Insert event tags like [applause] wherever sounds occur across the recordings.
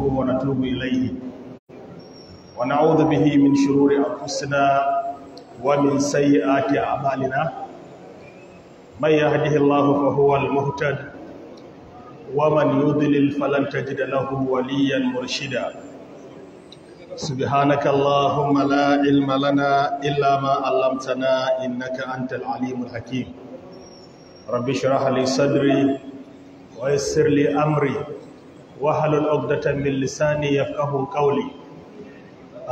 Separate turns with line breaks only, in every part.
نستغفره ونتوب إليه ونعوذ به من شرور أنفسنا ومن سيئات أعمالنا من يهده الله فهو المهتد ومن يضلل فلن تجد له وليا مرشدا سبحانك اللهم لا علم لنا إلا ما علمتنا إنك أنت العليم الحكيم رب اشرح لي صدري ويسر لي أمري wahalul uqdatan min lisani yafqahu qawli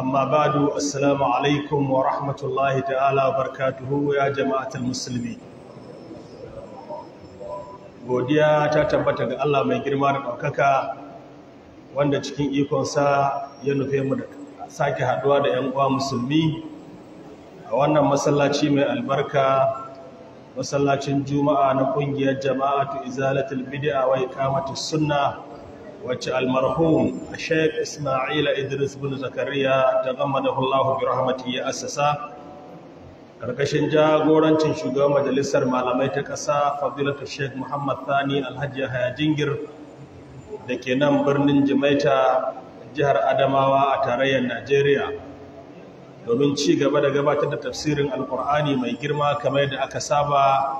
amma ba'du assalamu alaikum wa rahmatullahi ta'ala barkatuhu ya jama'atul musulmi godiya ta tabbata ga Allah mai girma da ɗaukaka wanda cikin ikonsa ya nufe mu da sake haduwa da 'yan uwa musulmi a wannan masallaci mai albarka masallacin juma'a na kungiyar jama'atu izalatul bid'a wa iqamatus sunna wacce almarhum Sheikh isma'ila Idris bin Zakariya ta Gama da hullahu bi rahmatihi ya assasa karkashin jagorancin shugaban majalisar malamai ta ƙasa Fadilatu Sheikh Muhammad Thani Alhaji Yahaya Jingir da ke nan birnin Jimaita jihar Adamawa a tarayyar Najeriya domin ci gaba da gabatar da tafsirin Alkur'ani mai girma kamar da aka saba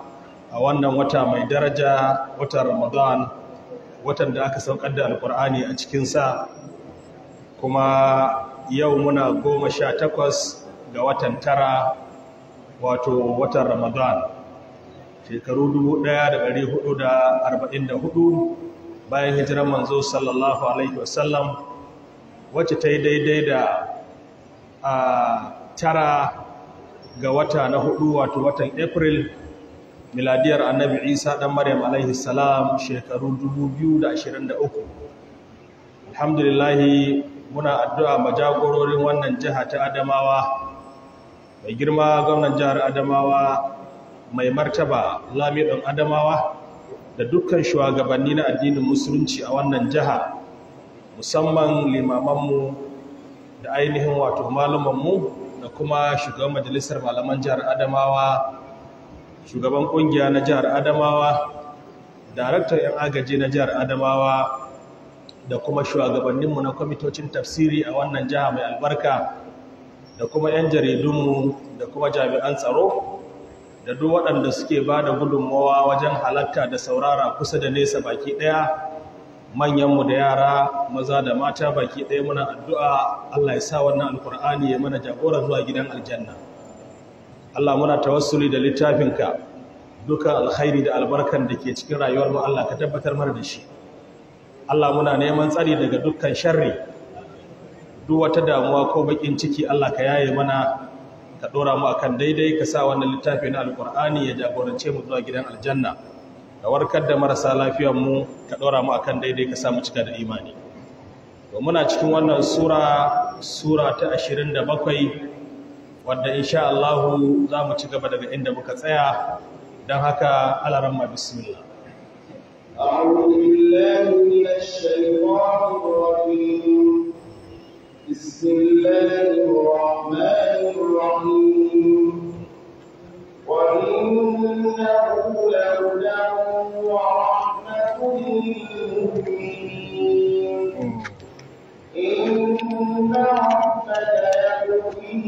a wannan wata mai daraja watan Ramadan watan da aka saukar da alkur'ani a cikinsa kuma yau muna goma sha takwas ga watan tara wato watan ramadan shekaru 1444 bayan hijiran manzo sallallahu alaihi wasallam wacce ta yi daidai da a tara ga wata na hudu wato watan april miladiyar annabi isa dan maryam alaihi salam shekaru 2023 alhamdulillah muna addu'a majagororin wannan jiha ta adamawa mai girma gwamnan jihar adamawa mai martaba dan adamawa da dukkan shugabanni na addinin musulunci a wannan jiha musamman limamanmu da ainihin wato malamanmu da kuma shugaban majalisar malaman jihar adamawa shugaban kungiya na jihar adamawa daraktar 'yan agaji na jihar adamawa da kuma shugabanninmu na kwamitocin tafsiri a wannan jiha mai albarka da kuma 'yan jaridunmu da kuma jami'an tsaro da duk waɗanda suke ba da gudunmawa wajen halatta da saurara kusa da nesa baki ɗaya manyanmu da yara maza da mata baki ɗaya muna addu'a allah ya sa wannan alkur'ani ya mana jagora zuwa gidan aljanna Allah muna tawassuli da littafinka duka alkhairi da albarkan da ke cikin rayuwar mu Allah ka tabbatar mana da shi Allah muna neman tsari daga dukkan sharri duk wata damuwa ko bakin ciki Allah ka yaye mana ka dora mu akan daidai ka sa wannan littafi na alqur'ani ya jagorance mu zuwa gidan aljanna ka warkar da marasa lafiyar mu ka dora mu akan daidai ka sa mu cika da imani to muna cikin wannan sura sura ta 27 wanda insha Allah za mu ci gaba daga inda muka tsaya don haka ma bismillah
أعوذ بالله من الشيطان الرجيم بسم الله الرحمن الرحيم وإنه لهدى ورحمة للمؤمنين إن ربك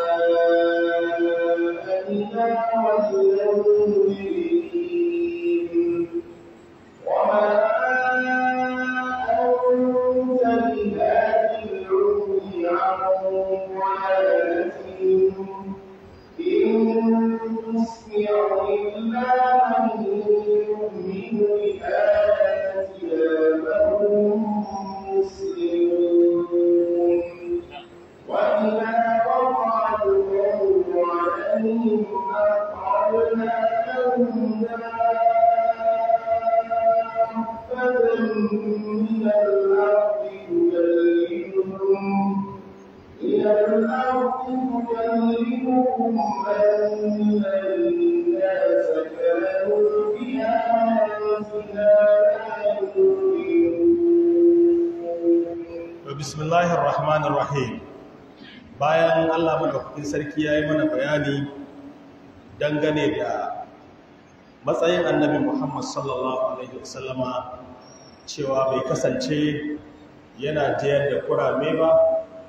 وسلم
Muhammad sallallahu Alaihi wasallama cewa bai kasance yana jayar da kurame ba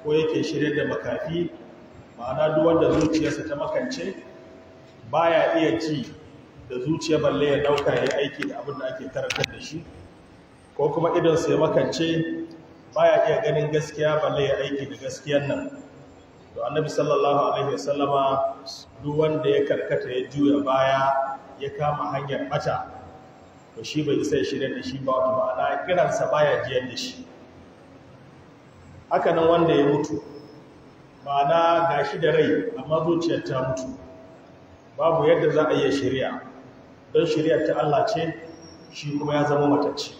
ko yake shirya da makafi ma'ana wanda zuciyarsa ta makance ba ya iya ci da zuciya balle ya dauka ya aiki da abin da ake karatar da shi ko kuma idonsa ya makance ba ya iya ganin gaskiya balle ya aiki da gaskiyar nan to annabi sallallahu alaihi wasallama duk wanda ya karkata ya juya baya ya kama hanyar bata to shi bai isa shirya da shi ba wata ma'ana kiransa baya jiyar da shi haka wanda ya mutu ma'ana ga shi da rai amma zuciyar ta mutu babu yadda za a iya shirya don shirya ta Allah ce shi kuma ya zama matacci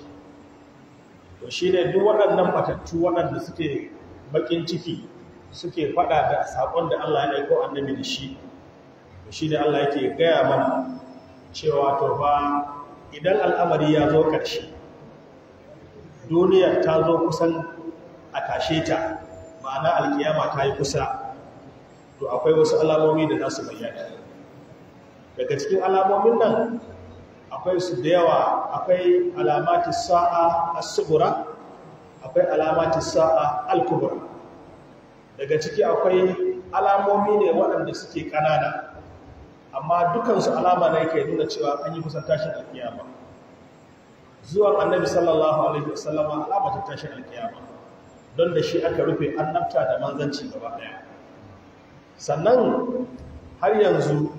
to shi ne duk waɗannan matattu waɗanda suke bakin ciki suke faɗa da saƙon da Allah ya aiko annabi da shi shi ne Allah yake gaya mana cewa to ba idan al'amari ya zo ƙarshe duniyar ta zo kusan a tashe ta ma'ana alkiyama ta yi kusa to akwai wasu alamomi da nasu bayyana daga cikin alamomin nan akwai su da yawa akwai alamatin sa'a as-sughra akwai alamatin sa'a al-kubra daga ciki akwai alamomi ne waɗanda suke ƙanana amma dukansu alama na yake nuna cewa an yi kusan tashin alkiyama zuwan annabi sallallahu alaihi wasallama alama ta tashin alkiyama don da shi aka rufe annabta da manzanci gaba daya sannan har yanzu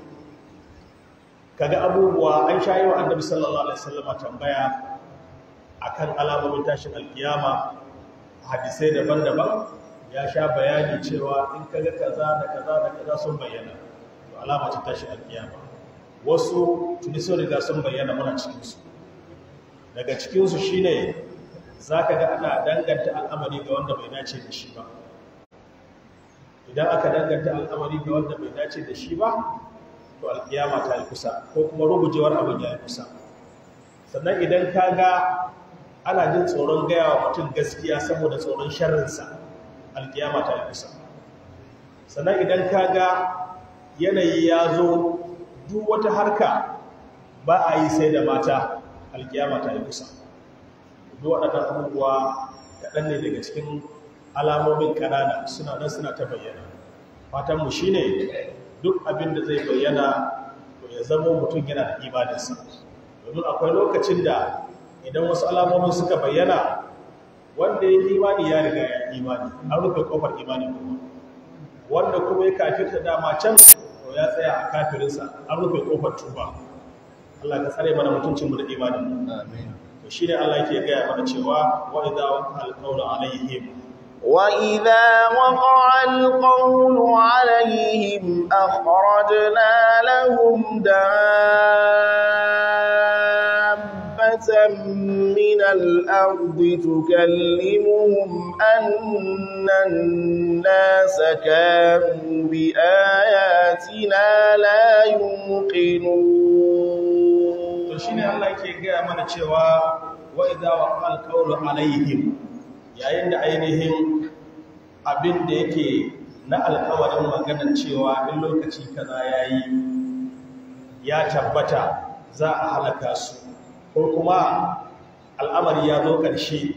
kaga abubuwa an shayi wa annabi sallallahu alaihi wasallama tambaya akan alamomin tashin alkiyama hadisai daban-daban ya sha bayani cewa in kaga kaza da kaza da kaza sun bayyana alama ce tashi alkiyama wasu tuni sun riga sun bayyana mana cikinsu daga cikinsu shine za ka ga ana danganta al'amari ga wanda bai dace da shi ba idan aka danganta al'amari ga wanda bai dace da shi ba to alkiyama ta yi kusa ko kuma rubujewar abin ya yi kusa sannan idan ka ga ana jin tsoron gaya wa mutum gaskiya saboda tsoron sharrinsa alkiyama ta yi kusa sannan idan ka ga yanayi ya zo duk wata harka ba a yi sai da mata alkiyama ta yi kusa duk waɗannan abubuwa kaɗan ne daga cikin alamomin ƙanana suna nan suna ta bayyana fatanmu shi ne duk abin da zai bayyana to ya zama mutum yana da imaninsa domin akwai lokacin da idan wasu alamomin suka bayyana wanda ya imani ya riga ya imani an rufe kofar imani kuma wanda kuma ya kafirta dama can to ya tsaya a kafirinsa an rufe kofar tuba Allah ka tsare mana mutuncin mu da imanin amin Allah yake gaya mana cewa wa idza alqawlu alaihim
wa idza waqa'a alqawlu alaihim akhrajna lahum da'a ثَمَّ مِنَ الْأَرْضِ تُكَلِّمُهُمْ أَنَّ النَّاسَ كَانُوا بِآيَاتِنَا لَا
يُوقِنُونَ to shine Allah yake ga mana cewa wa idza waqal qawlu yayin da ainihin abin da yake na alƙawarin maganar cewa in lokaci kaza yayi ya tabbata za a halaka su ko kuma al'amari ya zo ƙarshe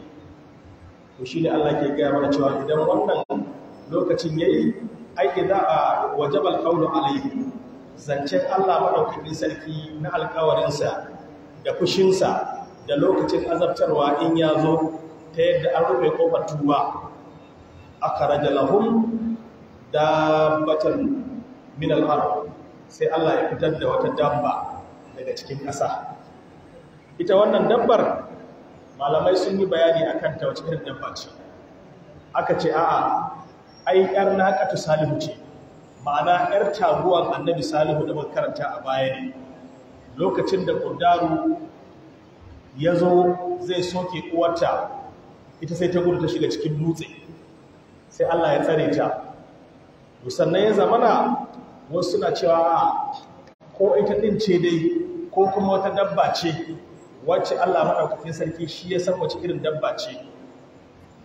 to shi ne Allah ke gaya mana cewa idan wannan lokacin ya yi aiki za a wajabar kaunin alayi zancen Allah maɗaukakin sarki na alkawarinsa da fushinsa da lokacin azabtarwa in ya zo ta yadda an rufe kofar tuba a karaja lahun dabbatan min al'ar sai Allah ya fitar da wata dabba daga cikin ƙasa ita wannan dabbar malamai sun yi bayani a kan ta wace irin dabba ce aka ce a'a ai yar naƙatu salihu ce ma'ana yar taguwan annabi salihu da muka karanta a baya ne lokacin da ƙudaru ya zo zai soke uwarta ita sai ta gudu ta shiga cikin dutse sai Allah ya tsare ta sannan ya zamana wasu suna cewa ko ita ɗin ce dai ko kuma wata dabba ce wacce Allah maɗaukakin sarki shi ya san wace irin dabba ce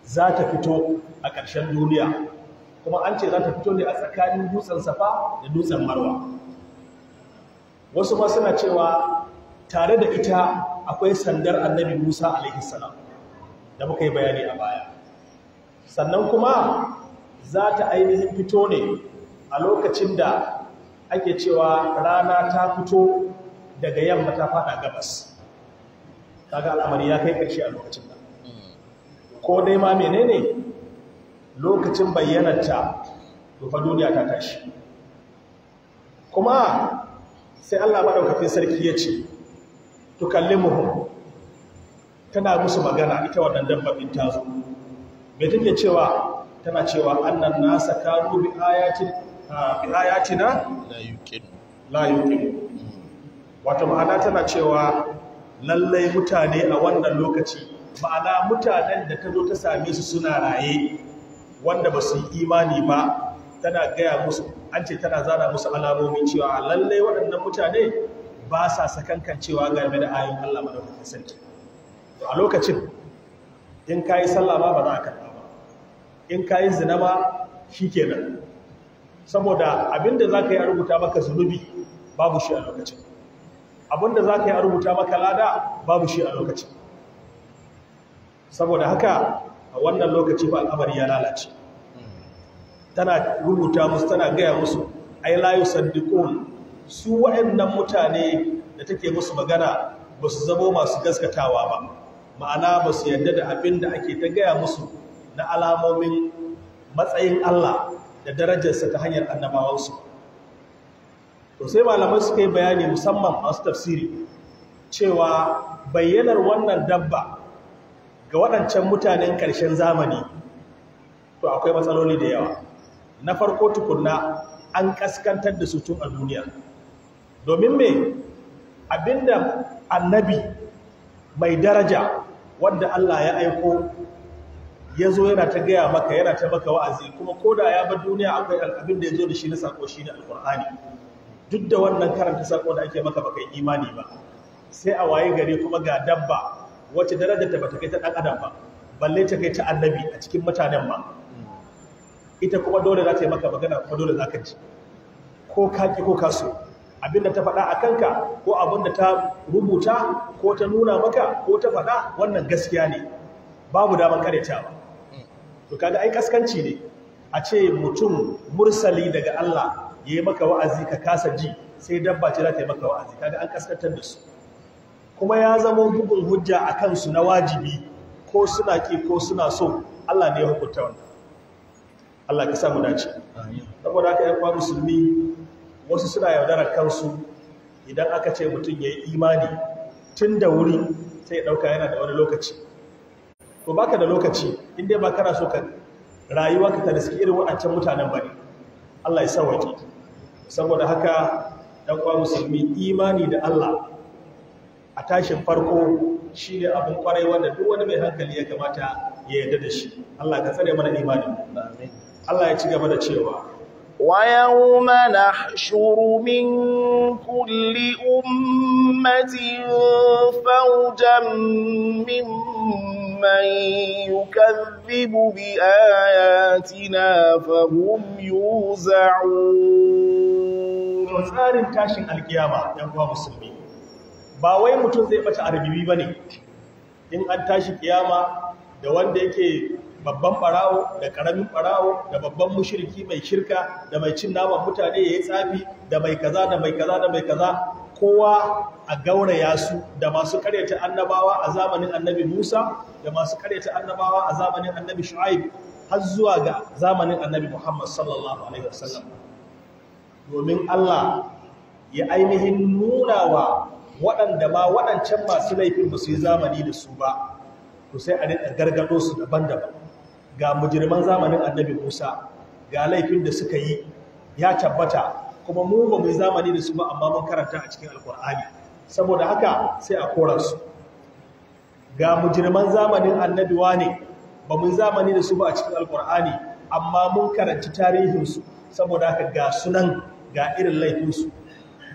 za ta fito a ƙarshen duniya kuma an ce za ta fito ne a tsakanin dutsen safa da dutsen marwa wasu ma suna cewa tare da ita akwai sandar annabi musa alaihi salam da muka yi bayani a baya sannan kuma za ta ainihin fito ne a lokacin da ake cewa rana ta fito daga yamma ta fada gabas kaga al'amari ya kai ƙarshe a lokacin da. ko dai ma menene lokacin bayyanarta to fa duniya ta tashi kuma sai Allah madaukakin sarki ya ce tukallimuhum tana musu magana ita wannan babin tazo. zo bai take cewa tana cewa annan nasa kanu bi bi ayatina la yukin la wato ma'ana tana cewa lallai mutane a wannan lokaci ma'ana mutanen da ta zo ta same su suna raye wanda ba su yi imani ba tana gaya musu an ce tana zana musu alamomi cewa lallai waɗannan mutane ba sa sakankan cewa game da ayin Allah madaukakin sarki a lokacin in ka yi sallah ba ba za a ba in ka yi zina ba shi kenan saboda abinda za ka yi a rubuta maka zunubi babu shi a lokacin abinda za ka yi a rubuta maka lada babu shi a lokaci saboda haka a wannan lokaci ba al'amari ya lalace tana rubuta musu tana gaya musu ai layu saddiqun su waɗannan mutane da take musu magana ba su zamo masu gaskatawa ba ma'ana ba su yadda da abin da ake ta gaya musu na alamomin matsayin Allah da darajarsa ta hanyar annabawansu to sai malamai suka yi bayani musamman masu tafsiri cewa bayyanar wannan dabba ga waɗancan mutanen ƙarshen zamani to akwai matsaloli da yawa na farko tukunna an ƙaskantar da su tun a duniya domin me abinda annabi mai daraja wanda Allah ya aiko ya zo yana ta gaya maka yana ta maka wa'azi kuma ko da ya bar duniya akwai abin da ya zo da shi na sako shi ne alƙur'ani duk da wannan karanta sako da ake maka baka imani ba sai a waye gari kuma ga dabba wacce darajar ta bata kai ta dan adam ba balle ta kai ta annabi a cikin mutanen ma ita kuma dole za ta yi maka magana kuma dole za ka ji ko ka ki ko ka so abinda ta faɗa a kanka ko abinda ta rubuta ko ta nuna maka ko ta faɗa wannan gaskiya ne babu daman karyata ba to kaga ai kaskanci ne a ce mutum mursali daga Allah ya yi maka wa'azi ka kasa ji sai dabba ce za ta yi maka wa'azi ta ga an kaskantar da su kuma ya zama bugun hujja a kansu na wajibi ko suna ƙi ko suna so Allah ne ya hukunta wani Allah ka samu dace saboda haka yi kwanu musulmi wasu suna yaudarar kansu idan aka ce mutum ya yi imani tun da wuri sai ya ɗauka yana da wani lokaci ko baka da lokaci in dai ba kana so ka rayuwa ka ta suke irin waɗancan mutanen bane Allah ya sauwaƙe saboda haka dan kwa musulmi imani da Allah a tashin farko shi ne abin kwarai wanda duk wani mai hankali ya kamata ya yarda da shi Allah ka tsare mana imanin Allah ya ci gaba da cewa ويوم نحشر من
كل أمة فوجا ممن يكذب
بآياتنا فهم يوزعون tsarin tashin alkiyama ɗan uwa musulmi ba wai mutum zai ɓace arabibi ba ne in an tashi ƙiyama da wanda yake babban barawo da karamin barawo da babban mushriki mai shirka da mai cin naman mutane ya yi tsafi da mai kaza da mai kaza da mai kaza kowa a gauraya su da masu karyata annabawa a zamanin annabi Musa da masu karyata annabawa a zamanin annabi Shu'aib har zuwa ga zamanin annabi Muhammad sallallahu alaihi wasallam domin Allah ya ainihin nuna wa waɗanda ba waɗancan masu laifin ba su yi zamani da su ba to sai a gargado su daban-daban ga mujirman zamanin annabi musa ga laifin da suka yi ya tabbata kuma mu ba mai zamani da su ba amma mun karanta a cikin alkur'ani saboda haka sai a koransu. su ga mujirman zamanin annabi wane ba mu zamani da su ba a cikin alkur'ani amma mun karanci tarihinsu saboda haka ga sunan ga irin laifinsu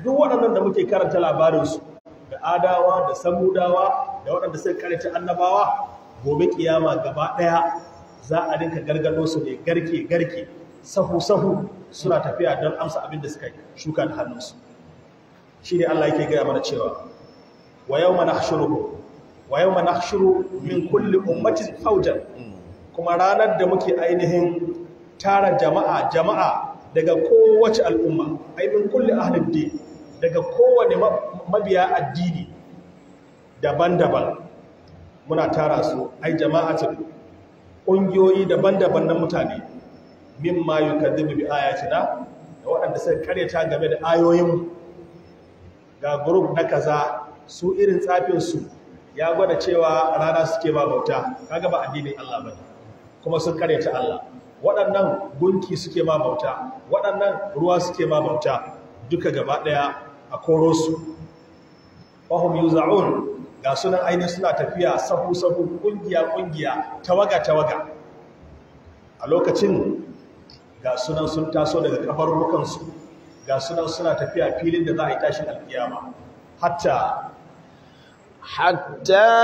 duk waɗannan da muke karanta labarinsu da adawa da samudawa da waɗanda suka karanta annabawa gobe kiyama gaba ɗaya za a rinka gargado su ne garke garke sahu sahu suna tafiya don amsa abin da suka shuka da hannunsu shi ne Allah yake gaya mana cewa wa yau yawma nahshuruhum wa yau mana shuru min kulli ummatin fawjan kuma ranar da muke ainihin tara jama'a jama'a daga kowace al'umma ainihin kulli ahlid din daga kowane mabiya addini daban-daban muna tara su ai jama'a jama'atul ƙungiyoyi daban-daban na mutane min ma yi zubi bi na da waɗanda suka karyata game da ayoyin ga gurub na kaza su irin tsafinsu ya gwada cewa rana suke ba bauta kaga ba addinin Allah ba kuma sun karyata Allah waɗannan gunki suke ma bauta waɗannan ruwa suke ma bauta duka gaba ɗaya a korosu. su fahim yuza'un ga sunan ainihin suna tafiya sahu-sahu kungiya-kungiya tawaga-tawaga a lokacin ga sunan sun taso daga kafar rukansu ga sunan suna tafiya filin da za a yi tashin alkiyama hatta hatta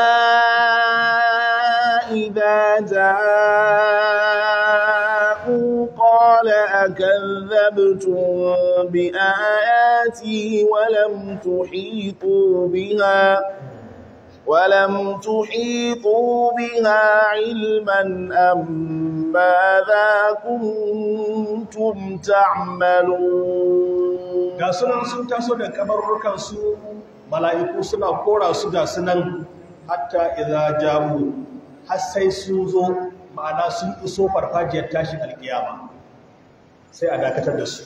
idza ja'u qala akadhabtum bi ayati wa lam tuhitu biha ولم تحيطوا بها علما أم
ماذا كنتم تعملون ga sunan sun taso da kabarrukan su mala'iku suna kora su ga sunan hatta idza jamu har sai sun zo ma'ana sun iso farfajiyar tashin alkiyama sai a dakatar da su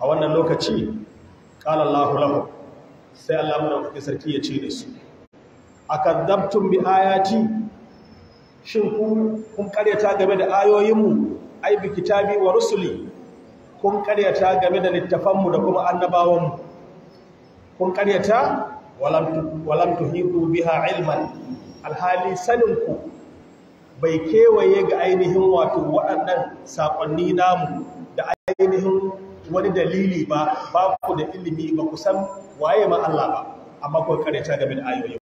a wannan lokaci qala Allahu lahu sai da madaukakin sarki ya ce da su akadabtum bi ayati shin ku kun karyata game da ayoyinmu ai bi kitabi wa rusuli kun karyata game da littafanmu da kuma annabawanmu kun karyata walam tuhitu biha ilman alhali saninku bai kewaye ga ainihin wato waɗannan saƙonni namu da ainihin wani dalili ba ba ku da ilimi ba ku san waye ma Allah ba amma kun karyata game da ayoyin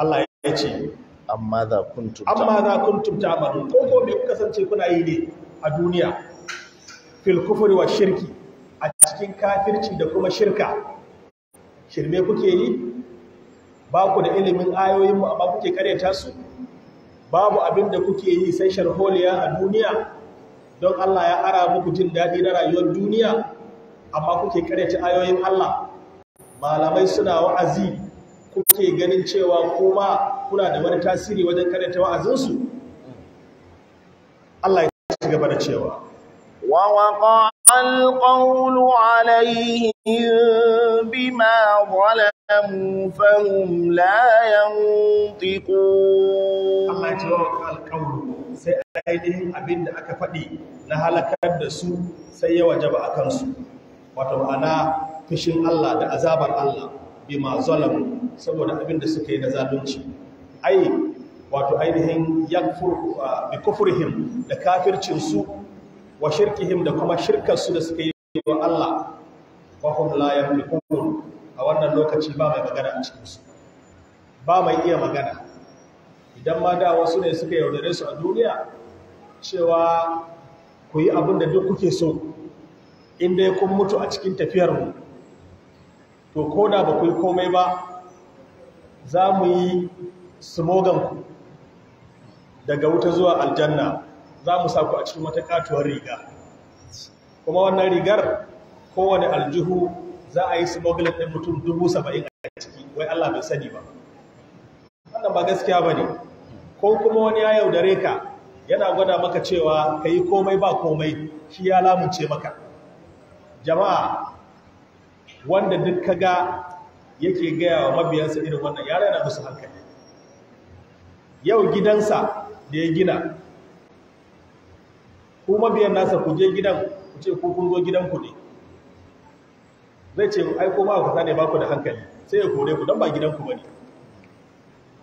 Allah ya ce amma za kuntum amma za kuntum
ta'malun ko ko me kuka sance kuna yi ne a duniya fil kufri wa shirki a cikin kafirci da kuma shirka shirme kuke yi ba ku da ilimin ayoyin mu amma kuke karyata su babu abin da kuke yi sai sharholiya a duniya don Allah ya ara muku jin daɗi na rayuwar duniya amma kuke karyata ayoyin Allah malamai suna wa'azi kuke ganin cewa kuma kuna da wani tasiri wajen karanta wa'azinsu Allah ya ci gaba da cewa
wa waqa al-qawlu alaihim bima zalamu fahum
la yantiqu Allah ya ci wa sai abin abinda aka faɗi na halakar da su sai ya wajaba akan su wato ana fushin Allah da azabar Allah bima zalamu saboda abin da suka yi na zalunci ai wato ainihin yakfur ah, bi kufrihim da kafircin su wa shirkihim da kuma shirkar su da suka yi wa Allah wa hum la yamlikun a wannan lokaci ba mai magana a cikin su ba mai iya magana idan ma da wasu ne suka yaudare su a duniya cewa ku yi abin da duk kuke so in dai kun mutu a cikin tafiyar mu to ko da ba ku yi komai ba za mu yi smoganku daga wuta zuwa aljanna za mu sa ku a cikin wata riga kuma wannan rigar kowane aljihu za a yi smuggling ɗin mutum dubu saba'in a ciki wai Allah bai sani ba wannan ba gaskiya ba ne ko kuma wani ya yaudare ka yana gwada maka cewa ka yi komai ba komai shi ya lamunce maka jama'a wanda duk kaga yake gaya wa mabiyansa irin wannan yare yana musu hankali yau gidansa da ya gina ko mabiyan nasa ku je gidan ku ce ku kun zo gidan ku ne zai ce ai ko ma ku ne ba ku da hankali sai ya kore ku dan ba gidan ku bane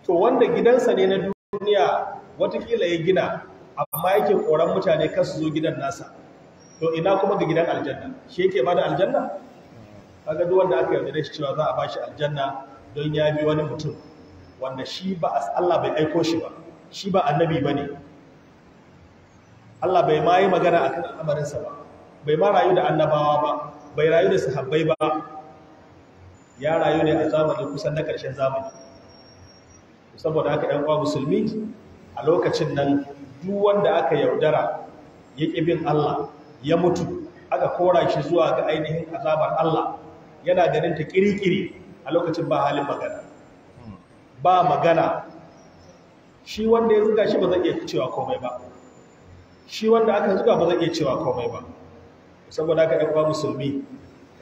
to wanda gidansa ne na duniya watakila ya gina amma yake koran mutane kasu zo gidan nasa to ina kuma ga gidan aljanna shi yake bada aljanna kaga duk wanda aka yarda da shi cewa za a bashi aljanna don ya bi wani mutum wanda shi ba Allah bai aiko shi ba shi ba annabi bane Allah bai ma magana akan al'amarinsa ba bai ma rayu da annabawa ba bai rayu da sahabbai ba ya rayu ne a zamanin kusan na karshen zamani saboda haka yan uwa musulmi a lokacin nan duk wanda aka yaudara ya ƙi bin Allah ya mutu aka kora shi zuwa ga ainihin azabar Allah yana ganin ta kirikiri a lokacin ba halin magana ba magana shi wanda ya zuga shi ba zai iya cewa komai ba shi wanda aka zuga ba zai iya cewa komai ba saboda aka ɗan musulmi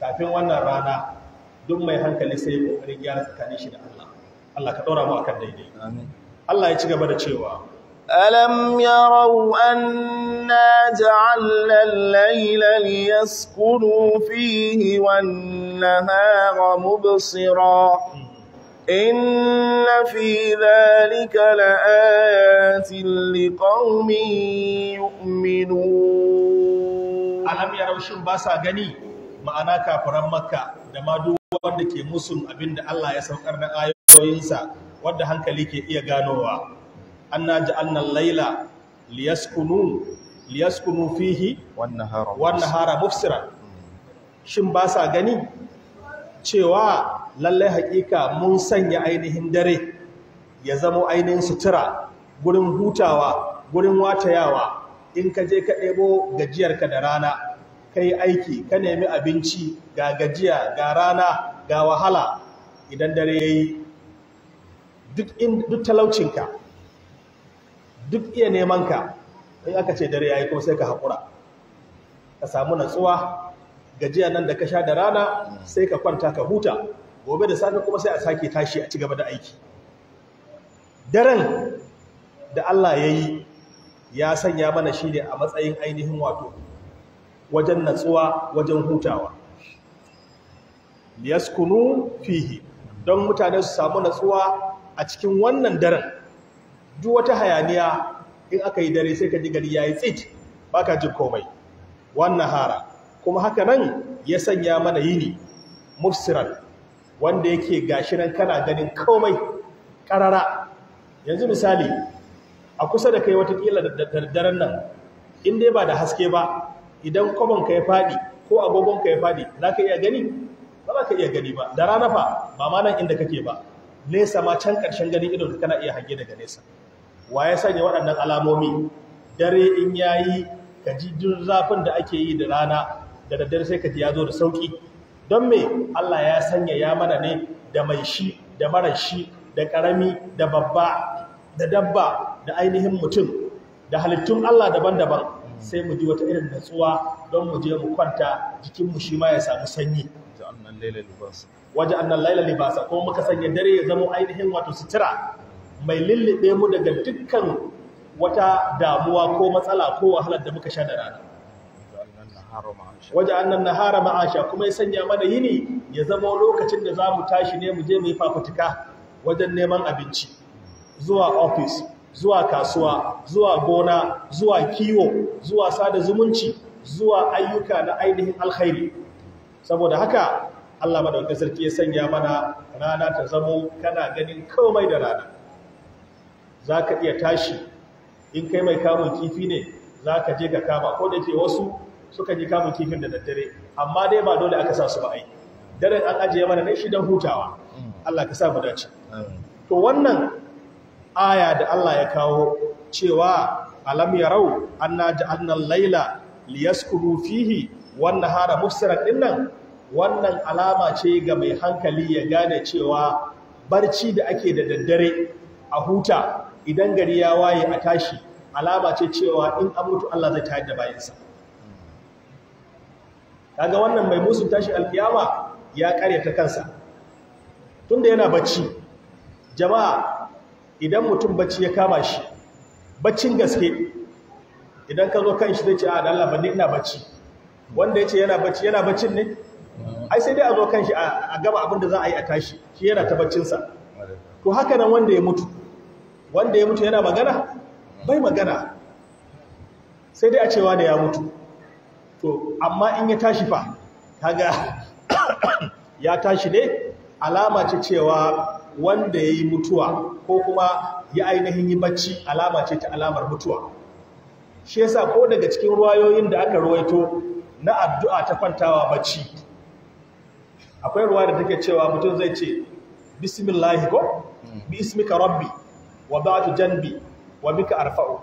kafin wannan rana duk mai hankali sai ya ƙoƙarin gyara tsakanin shi da Allah Allah ka ɗora mu akan daidai Allah ya ci gaba da cewa ألم
يروا أنا جعلنا الليل ليسكنوا فيه والنهار مبصرا إن في ذلك لآيات لقوم يؤمنون
ألم يروا شن باسا غني ma'ana kafiran makka da ma duk wanda ke musun abin da Allah ya saukar na ayoyinsa wanda hankali ke iya ganowa anna ja'alna al-laila liyaskunu liyaskunu fihi wan nahara mufsiran shin ba sa gani cewa lallai hakika mun sanya ainihin dare ya zama ainihin sutura gurin hutawa gurin watayawa in ka je ka ɗebo gajiyarka da rana ka aiki ka nemi abinci ga gajiya ga rana ga wahala idan dare ya yi duk talaucinka duk iya neman ka in aka ce dare yayi kuma sai ka haƙura ka samu natsuwa gajiya nan da ka sha da rana sai ka kwanta ka huta gobe da safe kuma sai a sake tashi a ci gaba da aiki daren da Allah ya yi ya sanya mana shi ne a matsayin ainihin wato wajen natsuwa wajen hutawa liyaskunu fihi don mutane su samu natsuwa a cikin wannan daren duk wata hayaniya in aka yi dare sai ka ji gari ya yi tsit baka ji komai wannan hara kuma haka nan ya sanya mana yini mufsiran wanda yake gashi nan kana ganin komai karara yanzu misali a kusa da kai watakila da daddaren nan in dai ba da haske ba idan kwabonka ya faɗi ko agogonka ya faɗi za ka iya gani ba za ka iya gani ba da rana fa ba ma nan inda kake ba nesa ma can ƙarshen ganin idon kana iya hange daga nesa wa ya sanya waɗannan alamomi dare in yayi ka ji duk zafin da ake yi da rana da daddare sai ka ji ya zo da sauƙi? don me Allah ya sanya ya mana ne da mai shi da mara shi da ƙarami, da babba da dabba da ainihin mutum da halittun Allah daban-daban sai mu ji wata irin natsuwa don mu je mu kwanta jikinmu shi ma ya samu sanyi waje annan laila libasa ko muka sanya dare ya zama ainihin wato sutura mai lullube mu daga dukkan wata damuwa ko matsala ko wahalar da muka sha da rana waje annan nahara ma'asha kuma ya sanya mana yini ya zama lokacin da za mu tashi ne mu je mu yi fafutuka wajen neman abinci zuwa ofis zuwa kasuwa zuwa gona zuwa kiwo zuwa sada zumunci zuwa ayyuka na ainihin alkhairi saboda haka Allah madaukakin sarki ya sanya mana rana ta zamo kana ganin komai da rana za ka iya tashi in kai mai kamun kifi ne za ka je ga kama ko da ke wasu suka ji kamun kifin da daddare amma dai ba dole aka sa su ba ai daren an ajiye mana ne shi don hutawa Allah ka sa mu dace to wannan aya da Allah ya kawo cewa alam yarau anna ja'alna al-laila liyaskuru fihi wan nahara mufsiran dinnan wannan alama ce ga mai hankali ya gane cewa barci da ake da daddare a huta idan gari ya waye a tashi alama ce cewa in an mutu Allah zai tayar da bayansa kaga wannan mai musun tashi alkiyama ya ta kansa tunda yana bacci jama'a idan mutum bacci ya kama shi baccin gaske idan ka zo kan shi zai ce a da Allah bane ina bacci wanda yace yana bacci yana baccin ne ai sai dai a zo kan shi a gaba abin da za a yi a tashi shi yana ta baccin sa to haka nan wanda ya mutu wanda ya mutu yana magana bai magana sai dai a cewa da ya mutu to amma in ya tashi fa kaga [coughs] ya tashi ne alama ce cewa wanda ya yi mutuwa ko kuma ya ainihin yi bacci alama ce ta alamar mutuwa shi yasa ko daga cikin ruwayoyin da aka ruwaito na addu'a ta kwantawa bacci akwai ruwa da take cewa mutum zai ce bismillahi ko bismika rabbi wa tu janbi wa bika arfa'u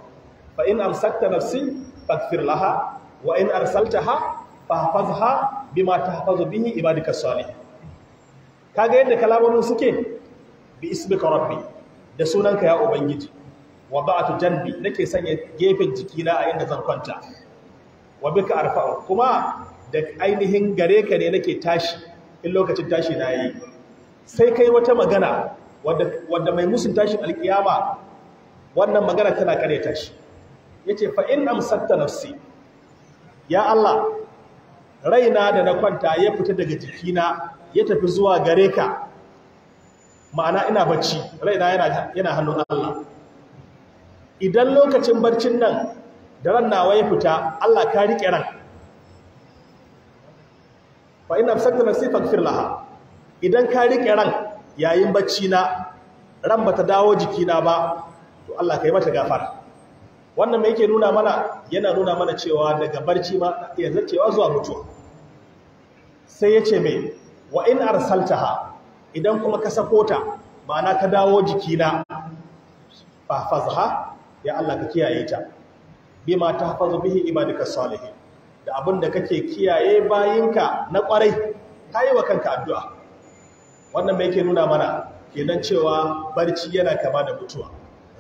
fa in amsakta nafsi fakfir laha wa in arsaltaha fahfazha bima tahfazu bihi ibadika salih kaga yadda kalamomin suke bi ismika rabbi da sunanka ya ubangiji wa tu janbi nake sanya gefen jiki na a inda zan kwanta wa bika arfa'u kuma da ainihin gare ka ne nake tashi in lokacin tashi na yi sai kai wata magana wadda mai musun tashin alkiyama wannan magana tana tashi? Ya ce, fa na musatta nafsi ya Allah raina da na kwanta ya fita daga jikina ya tafi zuwa gare ka ma'ana ina bacci raina yana hannun Allah idan lokacin barcin nan da ran na ya fita Allah ka riƙe ran fa na musatta nafsi fa’in laha idan ka riƙe ran yayin bacci na ran bata dawo jiki na ba to Allah kai mata gafar. wannan me yake nuna mana yana nuna mana cewa daga barci ma iya cewa zuwa mutuwa sai yace me wa in arsaltaha idan kuma ka sako ta ma'ana ka dawo jikina fa fazha ya Allah ka kiyaye ta bima tahfazu bihi ibadika salihin da abin da kake kiyaye bayinka na kwarai kayi wa kanka addu'a wannan mai ke nuna mana kenan cewa barci yana kama da mutuwa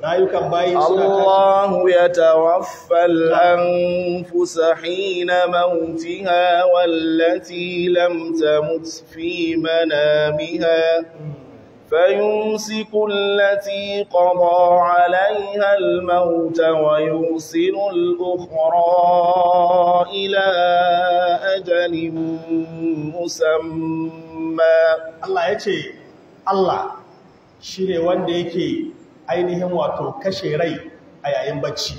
rayukan bayi suna Allahu
ya tawaffal anfusa hina mautiha wallati lam tamut fi manamiha فيمسك التي قضى عليها الموت ويرسل الأخرى إلى أجل
مسمى الله يتي الله شيني وانده يكي ainihin wato kashe rai a yayin bacci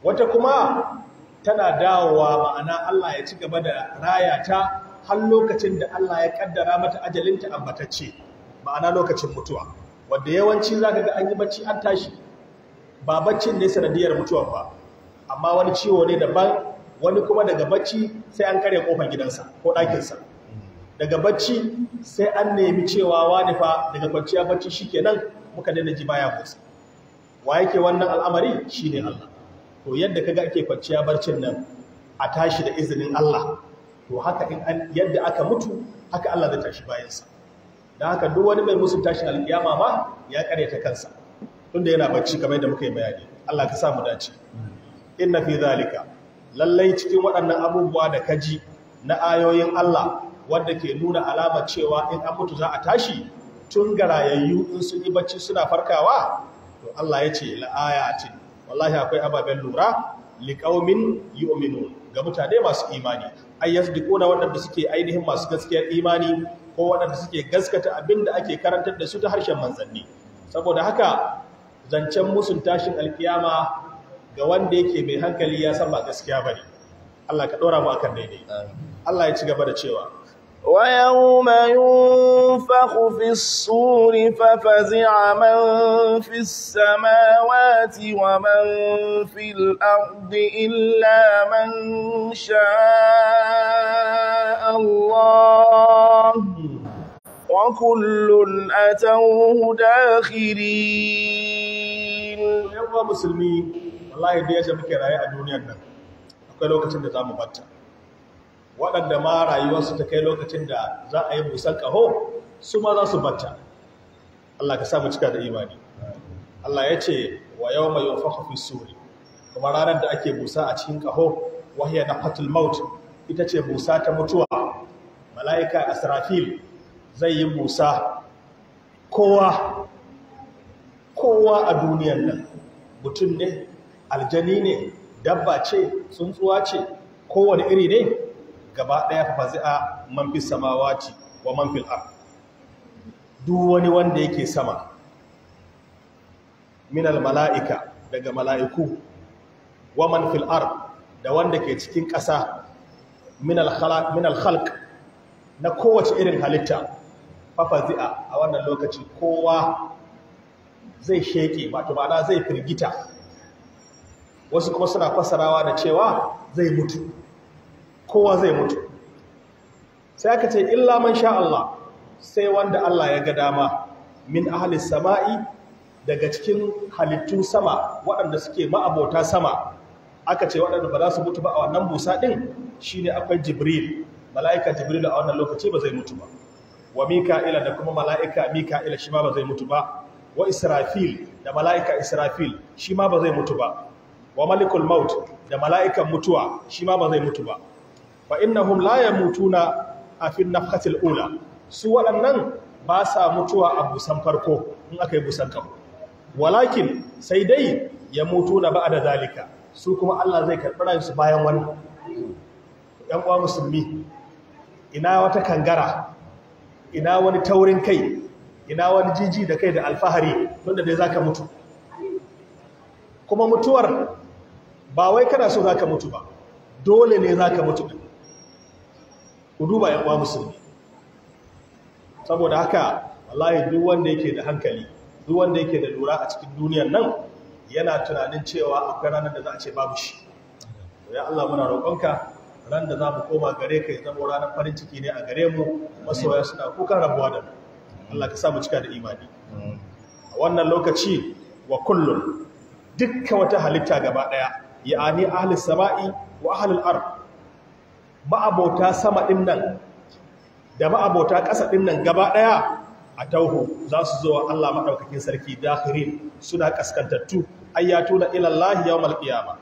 wata kuma tana dawowa ma'ana Allah ya ci gaba da rayata har lokacin da Allah ya ƙaddara mata ajalinta ambatacce ma'ana lokacin mutuwa wanda yawanci za ka ga an yi bacci an tashi ba baccin ne sanadiyar mutuwa ba amma wani ciwo ne daban wani kuma daga bacci sai an karya kofar gidansa ko ɗakinsa daga bacci sai an nemi cewa wani fa daga kwanciya bacci shi kenan muka daina ji baya kusa wa yake wannan al'amari shi ne Allah to yadda kaga ake kwanciya barcin nan a tashi da izinin Allah to haka in yadda aka mutu haka Allah zai tashi bayansa da haka duk wani mai musu tashin alkiyama ma ya karyata kansa tunda yana bacci kamar da muka yi bayani Allah ka sa mu dace inna fi zalika lallai cikin waɗannan abubuwa da kaji na ayoyin Allah wanda ke nuna alamar cewa in an mutu za a tashi tun garayayyu in sun yi bacci suna farkawa to Allah ya ce la'ayatin wallahi akwai ababen lura liqaumin yu'minun ga mutane masu imani ayyasdiquna wanda suke ainihin masu gaskiyar imani ko waɗanda suke gaskata abin da ake karantar da su ta harshen manzanni saboda haka zancen musun tashin alkiyama ga wanda yake mai hankali ya san ba gaskiya bane Allah ka ɗora mu kan daidai Allah ya ci gaba da cewa
ويوم ينفخ في الصور ففزع من في السماوات ومن في الأرض إلا من شاء الله وكل أتوه
داخرين يا مسلمين الله يدي يا كرايا الدنيا أكلوا كتير دعم بطة waɗanda ma rayuwarsu ta kai lokacin da za a yi musan ƙaho su ma za su banta. Allah ka samu cika da imani Allah ya ce wa yau mai yau fi suri kuma ranar da ake busa a cikin ƙaho wahiyar na fatul maut ita ce busa ta mutuwa mala'ika asrafil zai yi busa kowa kowa a duniyar nan mutum ne aljani ne dabba ce tsuntsuwa ce kowane iri ne gaba ɗaya fazi'a man fi samawati wa man fil ard duk wani wanda yake sama minal mala'ika daga mala'iku wa man fil da wanda ke cikin ƙasa minal khalq na kowace irin halitta fafazi'a a wannan lokaci kowa zai sheke wato ma'ana zai firgita wasu kuma suna fasarawa da cewa zai mutu kowa zai mutu sai aka ce illa man sha Allah sai wanda Allah ya ga dama min ahlis sama'i daga cikin halittu sama waɗanda suke ma'abota sama aka ce waɗanda ba za su mutu ba a wannan busa ɗin shine akwai jibril mala'ika jibril a wannan lokaci ba zai mutu ba wa mika'ila da kuma mala'ika mika'ila shi ma ba zai mutu ba wa israfil da mala'ika israfil shi ma ba zai mutu ba wa malikul maut da mala'ikan mutuwa shi ma ba zai mutu ba fa innahum la yamutuna a fin nafkatil ula su waɗannan ba sa mutuwa a busan farko in aka yi busan kan walakin sai dai ya mutu na da zalika su kuma Allah zai karɓi rayunsu bayan wani. ‘yan uwa musulmi ina wata kangara ina wani taurin kai ina wani jiji da kai da alfahari wanda dai zaka mutu kuma mutuwar ba wai kana so zaka mutu ba dole ne za ka mutu ɗin ku duba yan uwa musulmi saboda haka wallahi duk wanda yake da hankali duk wanda yake da lura a cikin duniyar nan yana tunanin cewa akwai ranar da za a ce babu shi to ya Allah muna roƙonka ran da za mu koma gare ka ya zama ranar farin ciki ne a gare mu masoya suna kukan rabuwa da mu Allah ka sa mu cika da imani a wannan lokaci wa kullum, dukkan wata halitta gaba daya ya'ani ahli sama'i wa ahli al-ard ma'abota sama ɗin nan da ma'abota ƙasa ɗin nan gaba ɗaya a tauhu za su zo wa Allah maɗaukakin sarki dakirin suna ƙaskantattu ayyato na ilallahi yawon alƙiyama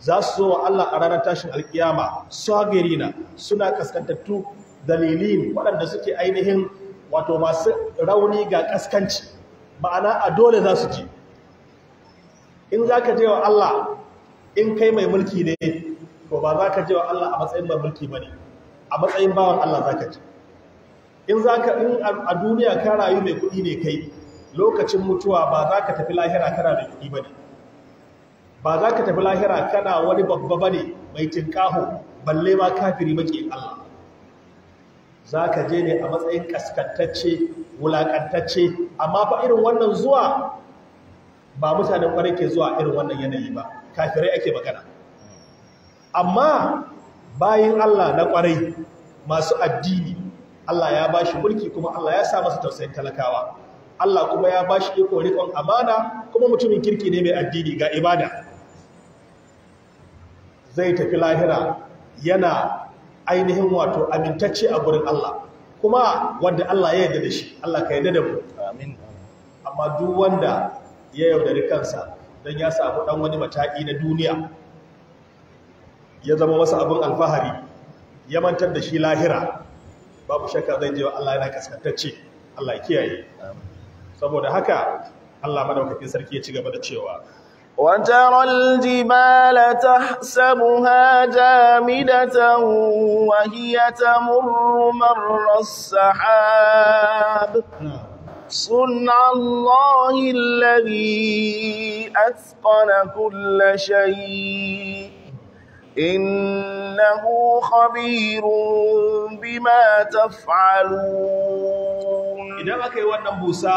za su zo wa Allah a ranar tashin alƙiyama sagirina suna ƙaskantattu dalilin waɗanda suke ainihin wato masu rauni ga ƙaskanci ma'ana a dole za su ji in za ka je wa Allah in kai mai mulki ne to ba za ka je wa Allah a matsayin mai mulki ba ne a matsayin bawan Allah za ka je in za ka in a duniya ka rayu mai kuɗi ne kai lokacin mutuwa ba za ka tafi lahira kana da kuɗi ba ne ba za ka tafi lahira kana wani babba ba ne mai tinkaho balle ma kafiri maki Allah za ka je ne a matsayin ƙaskantacce, wulaƙantacce amma fa irin wannan zuwa ba mutanen ƙwarai ke zuwa irin wannan yanayi ba kafirai ake magana amma bayan Allah na ƙwarai masu addini Allah ya ba shi mulki kuma Allah ya sa masa tausayin talakawa Allah kuma ya ba shi iko rikon amana kuma mutumin kirki ne mai addini ga ibada zai tafi lahira yana ainihin wato amintacce a gurin Allah kuma wanda Allah ya yarda da shi Allah ka yarda da mu amin amma duk wanda ya yaudari kansa don ya samu dan wani mataki na duniya ya zama masa abin alfahari ya mantar da shi lahira babu shakka zai je Allah yana kaskantacce Allah kiyaye saboda haka Allah madaukakin sarki ya ci gaba da cewa وترى
الجبال تحسبها جامدة وهي تمر مر السحاب صنع الله الذي أثقل كل شيء إنه خبير بما تفعلون idan aka yi
wannan busa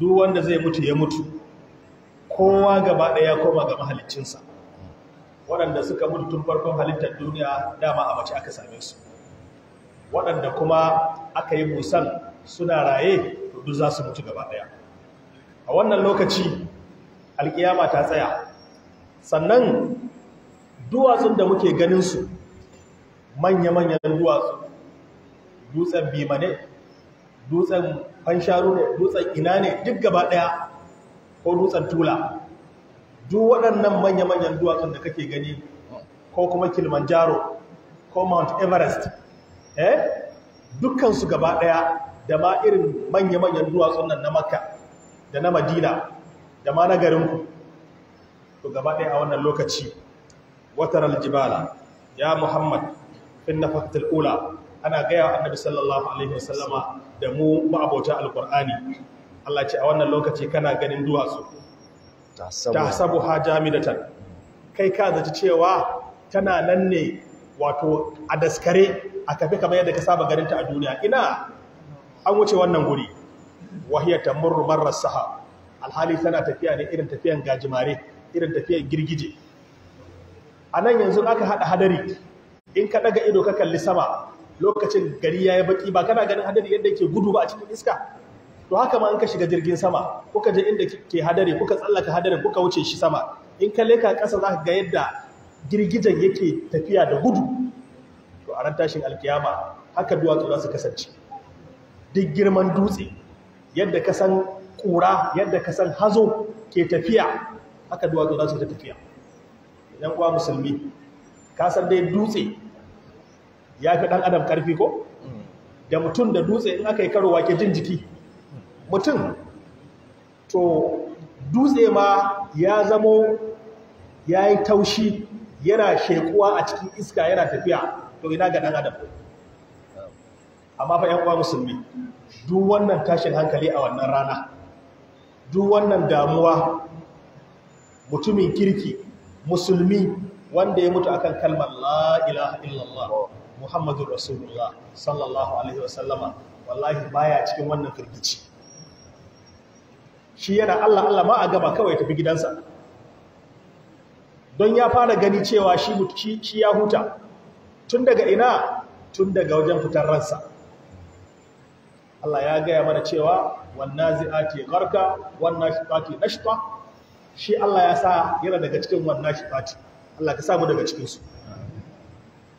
duk wanda zai mutu ya mutu kowa gaba ɗaya koma ga mahaliccinsa waɗanda suka mutu tun farkon halittar duniya dama a mace aka same su waɗanda kuma aka yi busan suna raye duk za su mutu gaba ɗaya a wannan lokaci alƙiyama ta tsaya sannan duwatsun da muke ganin su manya-manyan duwatsun, dutsen bimane dutsen fansharu ne dutsen ina ne duk gaba daya ko dutsen tula duk waɗannan manya-manyan duwatsun da kake gani ko kuma kilimanjaro ko mount everest eh dukkansu gaba daya da ma irin manya-manyan duwatsun nan na makka da na madina da ma na garinku to gaba daya a wannan lokaci watar aljibala ya muhammad fin nafatul ula ana gaya annabi sallallahu alaihi wasallama da mu ma'abota alqur'ani Allah ce a wannan lokaci kana ganin duwatsu tahsabu ha jamidatan kai ka zaci cewa tana nan ne wato a daskare a kafe kamar yadda ka saba garinta a duniya ina an wuce wannan guri wahiyar tamurru saha alhali tana tafiya ne irin tafiyan gajimare irin tafiyan girgije a nan yanzu aka haɗa hadari in ka ɗaga ido ka kalli sama lokacin gari ya yi baki ba kana ganin hadari yadda ke gudu ba a cikin iska to haka ma in ka shiga jirgin sama kuka je inda ke hadari kuka tsallaka hadari kuka wuce shi sama in ka leka ƙasa za ka ga yadda girgijan yake tafiya da gudu to a ran tashin alkiyama haka duwatsu za su kasance duk girman dutse yadda ka san ƙura yadda ka san hazo ke tafiya haka duwatsu za su ta tafiya yan uwa musulmi ka dai dutse ya fi dan adam karfi ko da mutum da dutse in aka yi karo ke jin jiki mutum to dutse ma ya zamo ya yi taushi yana shekuwa a cikin iska yana tafiya to ina ga ɗan adam amma fa yan uwa musulmi duk wannan tashin hankali a wannan rana duk wannan damuwa mutumin kirki musulmi wanda ya mutu akan kalmar la ilaha illallah Muhammadu rasulullah sallallahu alaihi wasallama wallahi baya cikin wannan firgici shi yana allah allah ma a gaba kawai tafi gidansa don ya fara gani cewa shi shi ya huta tun daga ina tun daga wajen fitar ransa Allah ya gaya mana cewa wannan zi'ati garka wannan shiqati nashta shi Allah ya sa yana daga cikin wannan fati, Allah ka samu daga cikinsu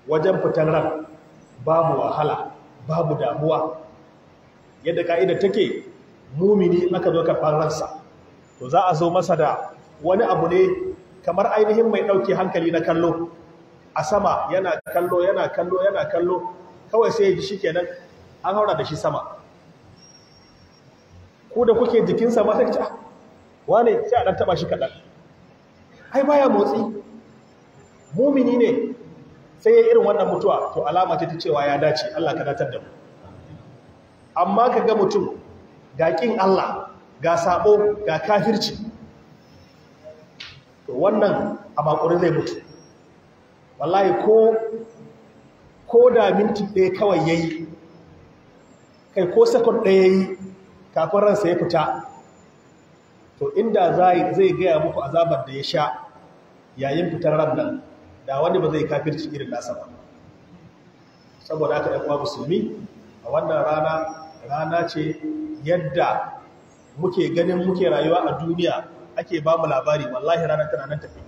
wajen fitar ran babu wahala babu damuwa yadda ka'ida take mumini aka zo karɓar ransa to za a zo masa da wani abu ne kamar ainihin mai ɗauke hankali na kallo a sama yana kallo yana kallo yana kallo kawai sai ya ji shi kenan an haura da shi sama ku da kuke jikinsa ma sai ah, wane sai a ɗan taɓa shi kaɗan ai baya motsi mumini ne sai ya irin wannan mutuwa to alama ce ta cewa ya dace Allah ka datar da mu amma ka ga mutum ga ƙin Allah ga saɓo, ga kafirci to wannan a makonin zai mutu wallahi ko ko da minti ɗaya kawai ya yi. kai ko sakon ɗaya ya yi, kafin ransa ya fita to inda zai gaya muku azabar da ya sha yayin fitar rannan da wani ba zai kafirci irin nasa ba saboda aka ɗanwa musulmi a wannan rana rana ce yadda muke ganin muke rayuwa a duniya ake ba mu labari wallahi ranar tana nan tafi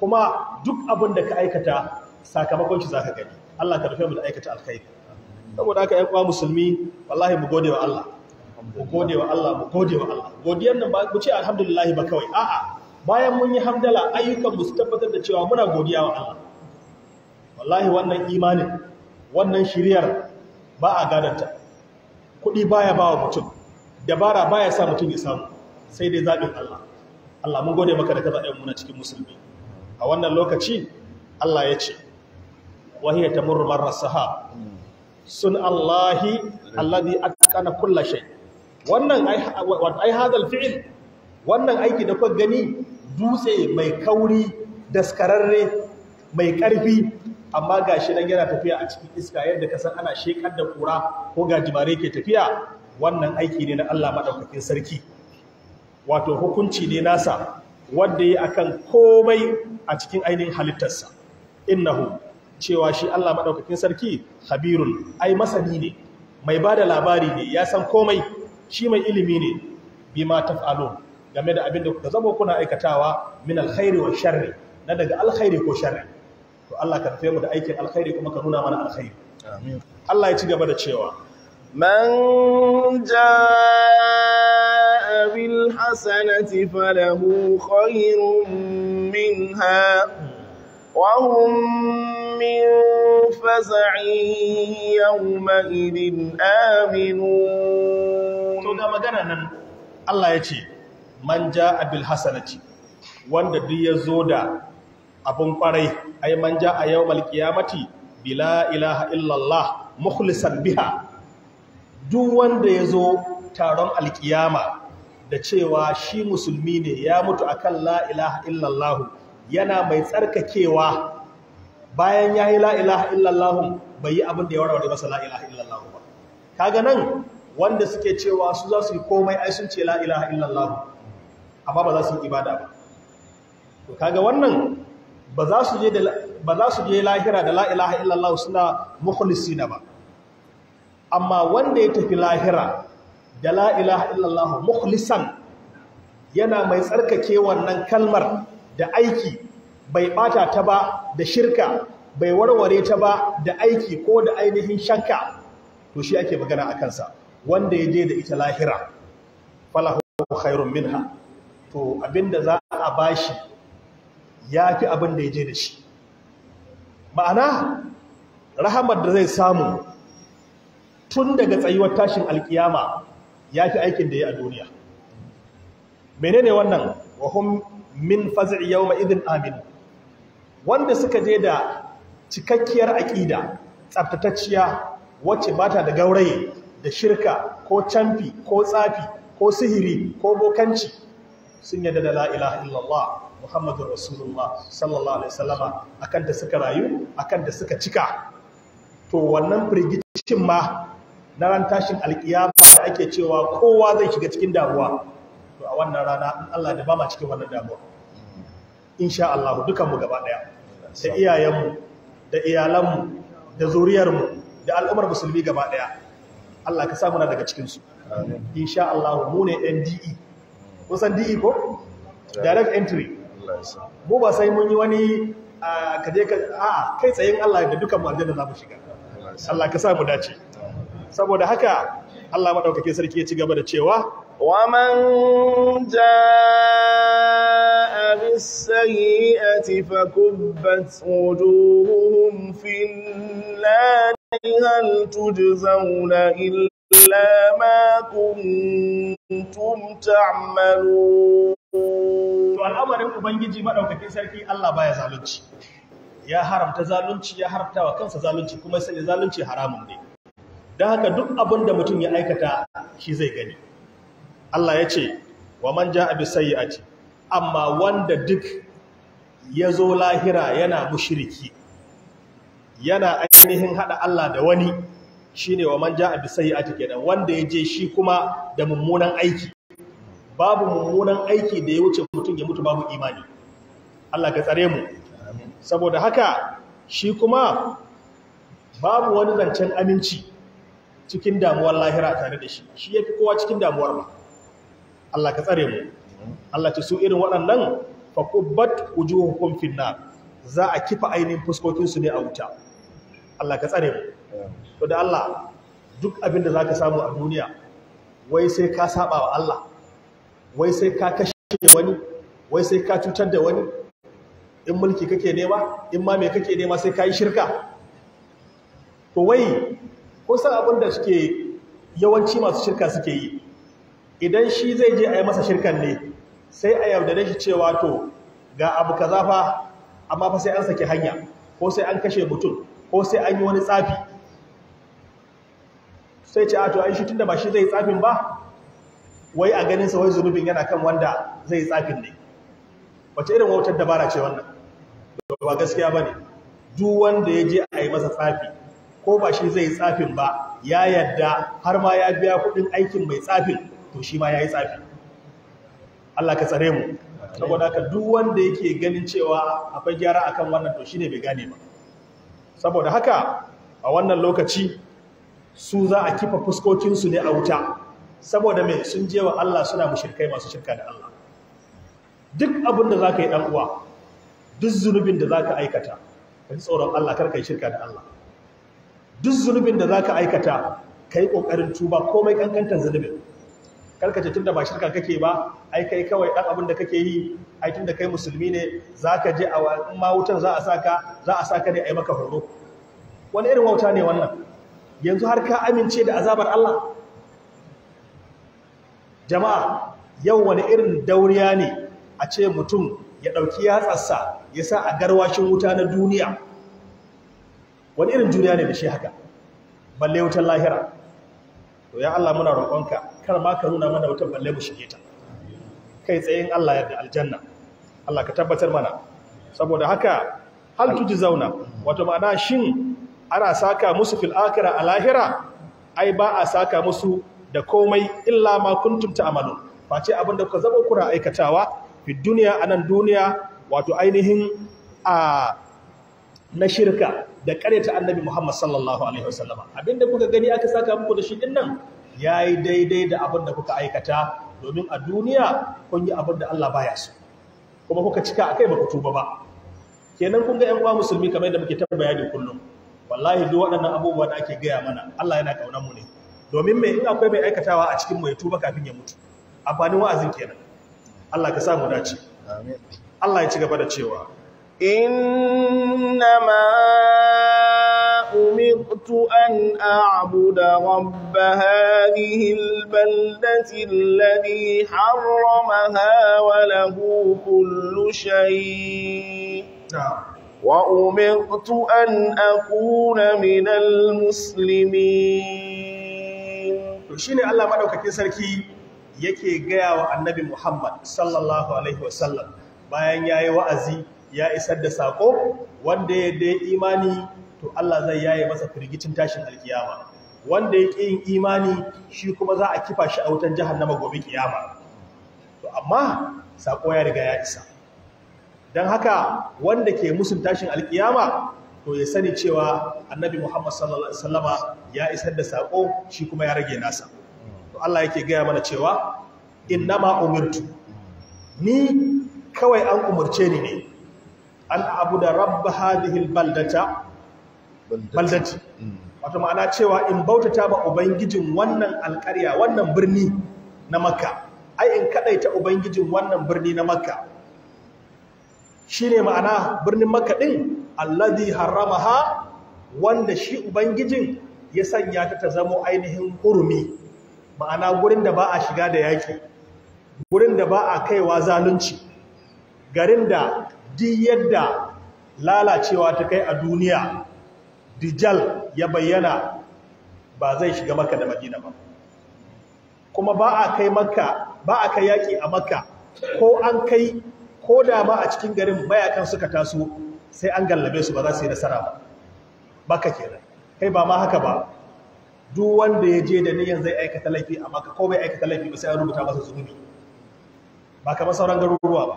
kuma duk abin da ka aikata sakamakon shi za ka gani Allah ka rufe mu da aikata alkhairi saboda aka ɗanwa musulmi wallahi mu gode wa Allah mu Allah mu gode wa Allah godiyar nan ba ku ce alhamdulillah ba kawai a'a bayan mun yi hamdala ayyukan mu su tabbatar da cewa muna godiya wa Allah wallahi wannan imanin wannan shiriyar ba a gadanta kuɗi baya bawa mutum dabara baya sa mutum ya samu sai dai zaɓin Allah Allah mun gode maka da ka zaɓe muna cikin musulmi a wannan lokaci Allah ya ce wahiya tamurru marra sun Allahi a atqana kulla shai wannan ai hadal fi'il wannan aiki da kwa gani dutse mai kauri daskararre mai karfi amma gashi shi nan yana tafiya a cikin iska yadda ka san ana shekar da kura ko gajimare ke tafiya wannan aiki ne na Allah maɗaukakin sarki wato hukunci ne nasa wanda ya akan komai a cikin ainihin halittarsa innahu cewa shi Allah maɗaukakin sarki habirun ai masani ne mai bada labari ne ya san komai shi mai ilimi ne bima taf'alun game da abin da zama kuna aikatawa min alkhairi wa sharri na daga alkhairi ko sharri to Allah ka tafi mu da aikin alkhairi kuma ka nuna mana alkhairi amin Allah ya ci gaba da cewa man jaa
bil hasanati falahu khairun minha wa hum min faz'in
yawma idin aminun to ga magana nan Allah ya ce man ja hasanati wanda duk ya zo da abun kwarai ai man yau mal kiyamati bila ilaha illallah mukhlisan biha duk wanda ya zo taron alkiyama da cewa shi musulmi ne ya mutu akan la ilaha illallah yana mai tsarkakewa bayan ya yi la ilaha illallah bai yi abin da ya warware masa la ilaha illallah ba kaga nan wanda suke cewa su za su yi komai ai sun ce la ilaha illallah amma ba za su yi ibada ba to kaga wannan ba za su je lahira da la ilaha illallah suna mukhlisina ba amma wanda ya tafi lahira da la ilaha illallah mukhlisan yana mai tsarkake wannan kalmar da aiki bai bata ta ba da shirka bai warware ta ba da aiki ko da ainihin shanka to shi ake magana a kansa wanda ya je da ita lahira falahu khairun minha to abinda za a bashi ya fi abin da ya je da shi ma'ana rahamar da zai samu tun daga tsayuwar tashin alkiyama ya fi aikin da ya a duniya menene wannan hum min faz'i yawma idin amin wanda suka je da cikakkiyar aƙida tsaftatacciya wacce bata da gauraye da shirka ko canfi ko tsafi ko sihiri ko bokanci sun yadda da Laila ilaha illallah muhammadu rasulullah sallallahu alaihi a akan da suka rayu akan da suka cika to wannan firgicin ma na ran tashin alkiyama da ake cewa kowa zai shiga cikin damuwa to a wannan rana in Allah da ba ma cikin wannan damuwa insha Allah dukan mu gaba daya da iyayenmu da iyalanmu da zuriyarmu da al'ummar musulmi gaba daya Allah ka samu na daga cikinsu insha Allah mu ne NDE kusan DE ko
direct entry
mu ba sai mun yi wani ka je ka a kai tsayin Allah da dukan mu aljanna za mu shiga Allah ka samu dace saboda haka Allah madaukake sarki ya ci gaba da cewa man جاء بالسيئة
فكبت وجوههم في النار هل تجزون إلا ما كنتم
تعملون to al'amarin ubangiji madaukakin sarki Allah baya zalunci ya haramta zalunci ya haramta wa kansa zalunci kuma sai zalunci haramun ne don haka duk abin da mutum ya aikata shi zai gani Allah ya ce wa man a bi ci, amma wanda duk ya zo lahira yana mushiriki, yana ainihin hada Allah da wani shine wa man bisa bi sayyi'ati kenan wanda ya je shi kuma da mummunan aiki babu mummunan aiki da ya wuce mutum ya mutu babu imani Allah ka tsare mu saboda haka shi kuma babu wani zancen aminci cikin damuwar lahira tare da shi shi ya fi kowa cikin damuwar ba Allah ka tsare mu Allah ta su irin waɗannan fa kubbat wujuhukum finnar za a kifa ainihin fuskokinsu ne a wuta Allah ka tsare mu to da Allah duk abin da zaka samu a duniya wai sai ka saba wa Allah wai sai ka kashe wani wai sai ka cutar da wani in mulki kake nema in ma me kake nema sai ka yi shirka to wai ko san abin da suke yawanci masu shirka suke yi idan shi zai je a yi masa shirkan ne sai a yarda da shi cewa to ga abu kaza fa amma fa sai an sake hanya ko sai an kashe mutum ko sai an yi wani tsafi sai ce a to ai shi tunda ba shi zai tsafin ba wai a ganin sa wai zunubin yana kan wanda zai tsafin ne wace irin wautar dabara ce wannan ba gaskiya bane duk wanda ya je a yi masa tsafi ko ba shi zai tsafin ba ya yadda har ma ya biya kuɗin aikin mai tsafin to shi ma ya yi tsafi Allah ka tsare mu saboda haka duk wanda yake ganin cewa akwai gyara akan wannan to shi ne bai gane ba saboda haka a wannan lokaci su za a kifa fuskokinsu ne a wuta saboda mai sun je wa Allah suna mushirkai masu shirka da Allah duk abin da za ka yi uwa duk zunubin da za ka aikata ka ji tsoron Allah kar ka yi shirka da Allah duk zunubin da za ka aikata ka yi ƙoƙarin tuba komai ƙanƙantar zunubin karka ce da ba shirka kake ba ai kai kawai dan abin da kake yi ai tunda kai musulmi ne zaka je a ma wutan za a saka za a saka ne ai maka horo wani irin wauta ne wannan yanzu har ka amince da azabar Allah jama'a yau wani irin dauriya ne a ce mutum ya dauki yatsarsa ya sa a garwashin wuta na duniya wani irin duniya ne da shi haka balle wutan lahira to ya Allah muna roƙonka kar ma ka nuna mana wata balle mu shige ta kai tsayin Allah ya da aljanna Allah ka tabbatar mana saboda haka hal tuji zauna wato ma'ana shin ana saka musu fil akhirah a lahira ai ba a saka musu da komai illa ma kuntum ta'malun face abin da kuka zama kuna aikatawa fi duniya anan duniya wato ainihin a na shirka da ta annabi Muhammad sallallahu alaihi abinda kuka gani aka saka muku da shi din nan ya yi daidai da abin da kuka aikata domin a duniya kun yi abin da Allah baya su kuma kuka cika a kai ba ku tuba ba kenan kun ga yan uwa musulmi kamar yadda muke ta bayani kullum wallahi duk waɗannan abubuwa da ake gaya mana Allah yana kaunar mu ne domin me in akwai mai aikatawa a cikin mu ya tuba kafin ya mutu amfanin wa'azin kenan Allah ka samu dace amin Allah ya ci gaba da cewa
إنما أمرت أن أعبد رب هذه البلدة الذي حرمها وله كل شيء وأمرت أن أكون من المسلمين
shine Allah madaukakin sarki yake gaya wa annabi Muhammad sallallahu alaihi wasallam bayan yayi wa'azi ya isar da sako wanda ya dai imani to Allah zai yaye masa firgicin tashin alkiyama wanda ya ƙi yin imani shi kuma za a kifa shi a wutan jahannama gobe kiyama to amma sako ya riga ya isa don haka wanda ke musun tashin alkiyama to ya sani cewa annabi Muhammad sallallahu alaihi wasallama ya isar da saƙo shi kuma ya rage nasa to Allah yake gaya mana cewa ma umirtu ni kawai an umarce ni ne an abu da rabba hadhihi albaldata baldaci mm. wato ma'ana cewa in bautata ba ubangijin wannan alƙarya wannan birni na makka ai in ta ubangijin wannan birni na makka ne ma'ana birnin makka din alladhi haramaha wanda shi ubangijin ya sanya ta ta zamo ainihin hurumi ma'ana gurin da ba a shiga da yaki gurin da ba a kaiwa zalunci garin da duk yadda lalacewa ta kai a duniya dijal ya bayyana ba zai shiga maka da madina ba kuma ba a kai maka ba a kai yaƙi a maka ko an kai ko da ma a cikin garin mayakan suka taso sai an gallabe su ba za su yi nasara ba baka kenan kai ba ma haka ba duk wanda ya je da niyan zai aikata laifi a maka ko bai aikata laifi ba sai an rubuta masa zunubi ba kamar sauran garuruwa ba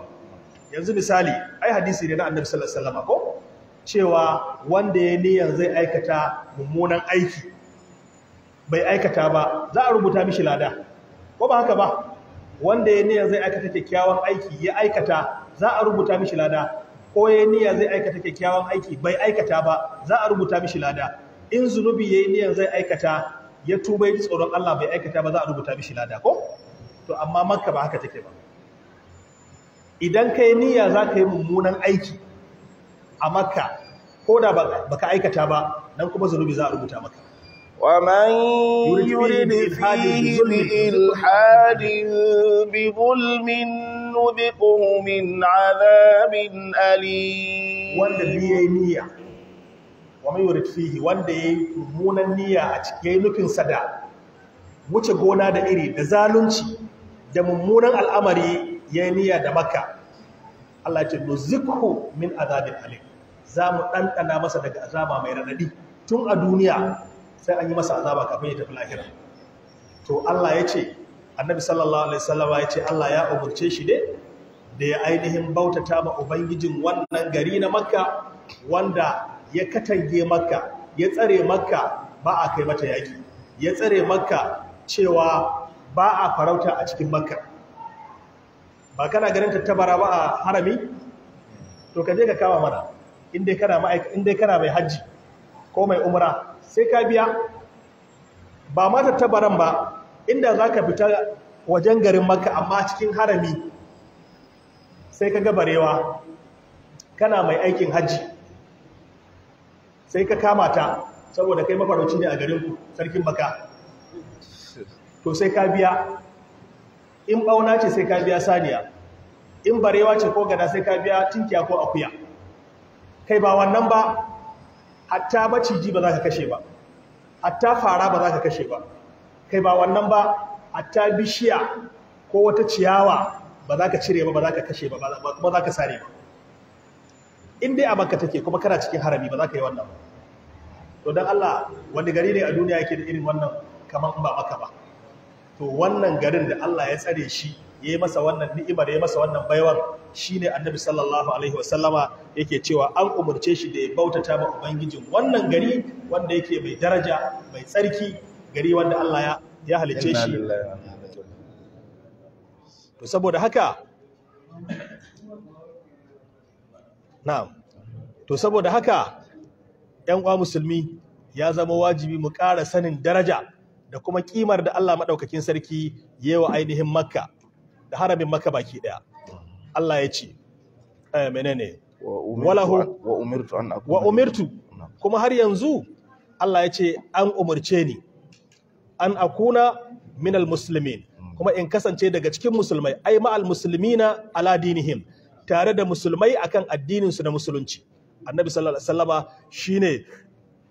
yanzu misali ai hadisi ne na annabi sallallahu alaihi wasallam ko cewa wanda ya niyan zai aikata mummunan aiki bai aikata ba za a rubuta mishi lada ko ba haka ba wanda ya niyan zai aikata kyakkyawan aiki ya aikata za a rubuta mishi lada ko ya niyan zai aikata kyakkyawan aiki bai aikata ba za a rubuta mishi lada in zunubi ya niyan zai aikata ya tuba ji tsoron Allah bai aikata ba za a rubuta mishi lada ko to amma makka ba haka take ba idan kai niyya za ka yi mummunan aiki a makka ko da ba ka aikata ba nan kuma zunubi za a rubuta maka ومن يرد فيه
بإلحاد
بظلم نذقه من عذاب أليم wanda biye niyya wa man yurid fihi wanda yayi mummunan niyya a cikin nufin sada wuce gona da iri da zalunci da mummunan al'amari yayi niyya da makka Allah ya ce min azabin alim za mu ɗanɗana masa daga azaba mai ranadi tun a duniya sai an yi masa azaba kafin ya tafi lahira to Allah ya ce annabi sallallahu alaihi sallama ya ce Allah ya umarce shi ne da ya ainihin bautata ma ubangijin wannan gari na makka wanda ya katange makka ya tsare makka ba a kai mata yaki ya tsare makka cewa ba a farauta a cikin makka ba kana ganin tattabara ba a harami to ka ka kama mana in dai kana mai haji ko mai umra sai ka biya ba ma tabaran ba inda za ka fita wajen garin maka amma cikin harami sai ka gabarewa kana mai aikin hajji sai ka kama ta saboda kai mafarauci ne a garinku sarkin maka to sai ka biya in bauna ce sai ka biya saniya in barewa ce ko gada sai ka biya tinkiya ko akuya kai ba wannan ba hatta maciji ba za ka kashe ba hatta fara ba za ka kashe ba kai ba wannan ba hatta bishiya ko wata ciyawa ba za ka cire ba ba za ka kashe ba ba kuma za ka sare ba in dai a banka take kuma kana cikin harami ba za ka yi wannan ba to don Allah wani gari ne a duniya yake da irin wannan kamar ba maka ba to wannan garin da Allah ya tsare shi ya yi masa wannan ni'imar ya masa wannan baiwar shine annabi sallallahu alaihi wasallama yake cewa an umarce shi da ya bautata ma ubangijin wannan gari wanda yake mai daraja mai tsarki gari wanda Allah ya ya halice shi to saboda haka na'am to saboda haka ‘yan uwa musulmi ya zama wajibi mu ƙara sanin daraja da kuma ƙimar da Allah maɗaukakin sarki yewa ainihin makka da haramin maka baki daya Allah ya ce eh menene walahu wa umirtu wa umirtu kuma har yanzu Allah ya ce an umurce ni an akuna minal muslimin hmm. kuma in kasance daga cikin musulmai ai ma muslimina ala dinihim tare da musulmai akan addinin su na musulunci annabi sallallahu alaihi wasallama shine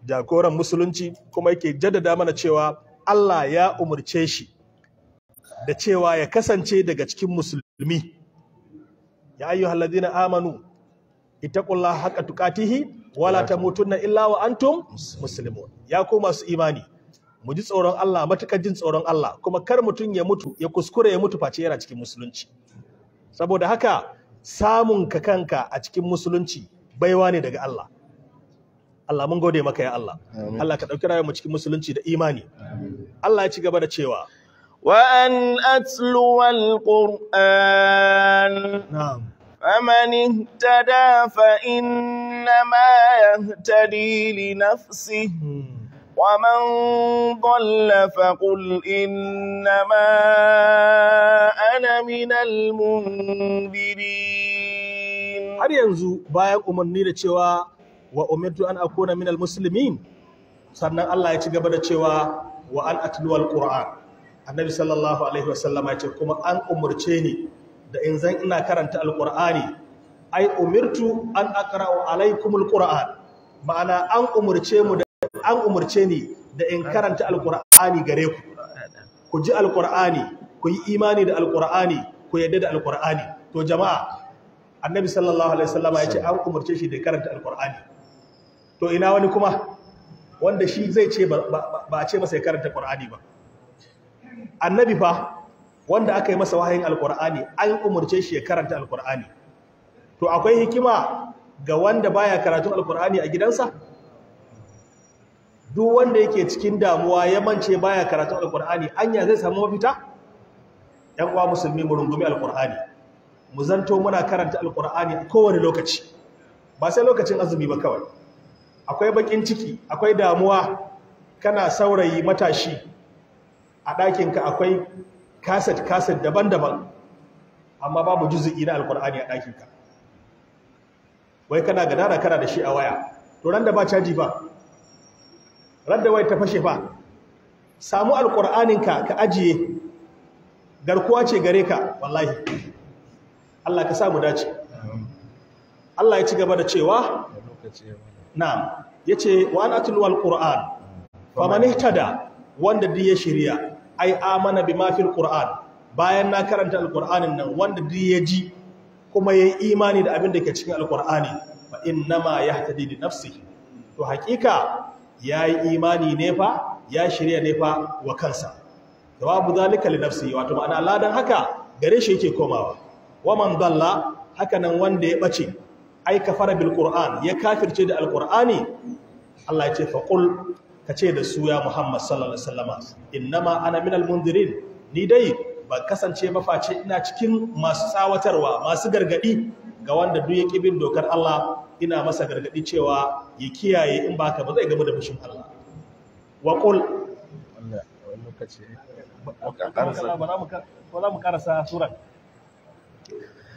jagoran musulunci kuma yake jaddada mana cewa Allah ya umurce shi da cewa ya kasance daga cikin musulmi ya ayyuhal ladina amanu ita ittaqullaha haka tukatihi wala ta mutuna illa wa antum ya koma masu imani mu ji tsoron Allah matuƙar jin tsoron Allah kuma kar mutum ya mutu ya kuskure ya mutu face yana cikin musulunci saboda haka samun ka kanka a cikin musulunci baiwa ne daga Allah Allah mun gode maka ya Allah Allah ka dauki rayuwar mu cikin musulunci da imani Allah ya ci gaba da cewa وأن أتلو
القرآن نعم فمن اهتدى فإنما يهتدي لنفسه ومن ضل فقل إنما أنا من المنذرين
har yanzu bayan umarni da cewa wa umirtu an akuna sannan Allah ya ci gaba da cewa wa an atlu annabi sallallahu alaihi wasallama ya ce kuma an umurce ni da in zan ina karanta alqur'ani ai umirtu an aqra'u alaikum alqur'an ma'ana an umurce mu da an umurce ni da in karanta alqur'ani gare ku ku ji alqur'ani ku yi imani da alqur'ani ku yadda da alqur'ani to jama'a annabi sallallahu alaihi wasallama ya ce an umarce shi da karanta alqur'ani to ina wani kuma wanda shi zai ce ba a ce masa ya karanta qur'ani ba annabi fa wanda aka yi masa wahayin alkur'ani an umarce shi ya karanta alkur'ani to akwai hikima ga wanda baya karatun alkur'ani a gidansa duk wanda yake cikin damuwa ya mance baya karatun alkur'ani anya zai samu mafita yan uwa musulmi mu rungumi alkur'ani mu zanto muna karanta alkur'ani a kowane lokaci ba sai lokacin azumi ba kawai akwai bakin ciki akwai damuwa kana saurayi matashi a ɗakinka akwai kaset kaset daban-daban amma babu juzu'i na alkur'ani a ɗakinka wai kana gada da kana da shi a waya to ran da ba caji ba ran da wai ta fashe ba samu alkur'aninka ka ajiye garkuwa ce gare ka wallahi Allah ka samu dace Allah ya ci gaba da cewa na'am ce, wa an atlu alquran faman da wanda duk ya shirya ai amana ma fil qur'an bayan na karanta alqur'anin nan wanda duk ya ji kuma yayi imani da abin da ke cikin alqur'ani fa innama yahtadi li nafsihi to hakika yayi imani ne fa ya shirya ne fa wa kansa jawabu zalika li nafsihi wato ma'ana ladan haka gare shi yake komawa wa man dalla haka nan wanda ya bace ai kafara bil qur'an ya kafirce da alqur'ani Allah ya ce fa qul ka ce da su ya Muhammad sallallahu alaihi wasallama innama ana minal mundirin ni dai ba kasance ba face ina cikin masu tsawatarwa masu gargadi ga wanda duk ya kibin dokar Allah ina masa gargadi cewa ya kiyaye in ba ka ba zai gaba da bishin Allah wa qul lokaci ba za mu karasa suran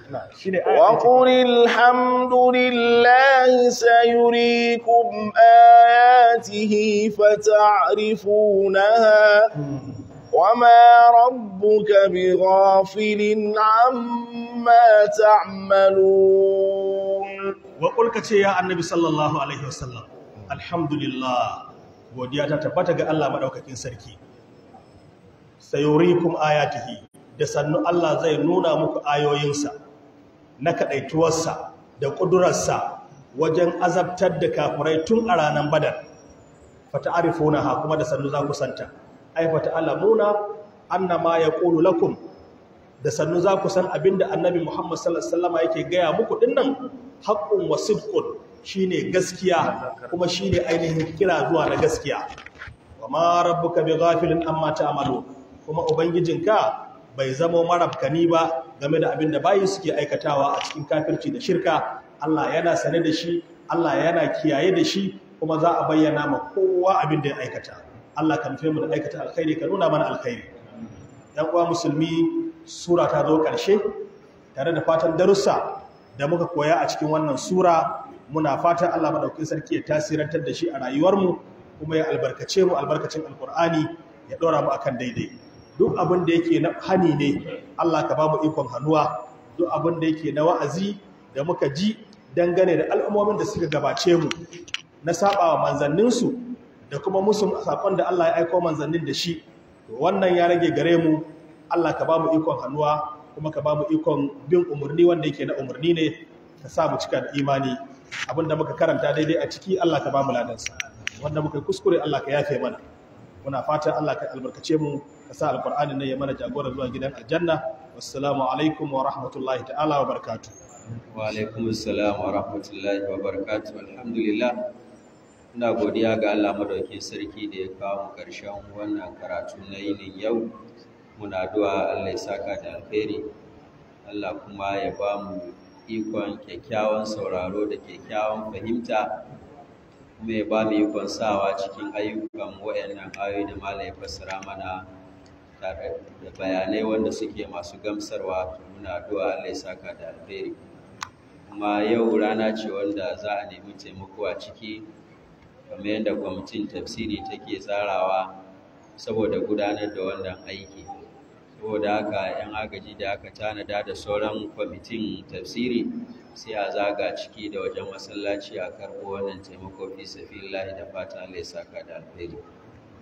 وقل الحمد لله سيريكم آياته فتعرفونها وما ربك بغافل عما تعملون
وقل كتي يا النبي صلى الله عليه وسلم الحمد لله godiya ta tabbata ga Allah maɗaukakin sarki sayurikum ayatihi da sannu Allah zai nuna muku ayoyinsa na kaɗaituwarsa da ƙudurarsa wajen azabtar da kafirai tun a ranar badar fata arifuna ha kuma da sannu za ku santa ai fata alamuna annama ya ƙulu lakum da sannu za ku san abinda annabi muhammad sallallahu alaihi yake gaya muku dinnan haƙƙun wa sidqun shine gaskiya kuma shine ainihin kira zuwa na gaskiya wa ma rabbuka bi ghafilin amma ta'malu kuma ubangijinka bai zama marabkani ba game da abin da bayi suke aikatawa a cikin kafirci da shirka Allah yana sane da shi Allah yana kiyaye da shi kuma za a bayyana ma kowa abin da ya aikata Allah kan fi mu da aikata alkhairi ka nuna mana alkhairi yan uwa musulmi sura ta zo karshe tare da fatan darussa da muka koya a cikin wannan sura muna fatan Allah madaukakin sarki ya tasirantar da shi a rayuwarmu kuma ya albarkace mu albarkacin alkur'ani ya dora mu akan daidai duk abin da yake na hani ne Allah ka ba mu ikon hannuwa duk abin da yake na wa'azi da muka ji dangane da al'ummomin da suka gabace mu na sabawa manzanninsu da kuma musu sakon da Allah ya aiko manzannin da shi wannan ya rage gare mu Allah ka ba mu ikon hannuwa kuma ka ba mu ikon bin umarni wanda yake na umarni ne ka sa mu cika da imani Abin da muka karanta daidai a ciki Allah ka ba mu ladansa wanda muka kuskure Allah ka yafe mana muna fatan Allah ka albarkace mu ka sa alqur'ani na ya mana jagora zuwa gidan aljanna wassalamu alaikum wa rahmatullahi ta'ala wa barakatuh
wa alaikum assalam wa rahmatullahi wa barakatuh alhamdulillah ina godiya ga Allah madaukakin sarki da ya kawo mu karshen wannan karatu na yinin yau muna addu'a Allah ya saka da alheri Allah kuma ya ba mu ikon kyakkyawan sauraro da kyakkyawan fahimta kuma ya ba mu ikon sawa cikin ayyukan wayannan ayoyi da malai fasara mana da bayanai wanda suke masu gamsarwa muna addu'a Allah ya saka da alheri kuma yau rana ce wanda za a nemi taimako a ciki kamar yadda kwamitin tafsiri take tsarawa saboda gudanar da wannan aiki saboda haka 'yan agaji da aka tanada da sauran kwamitin tafsiri sai a zaga ciki da wajen masallaci a karɓo wannan taimako fi safi da fata Allah ya saka da alheri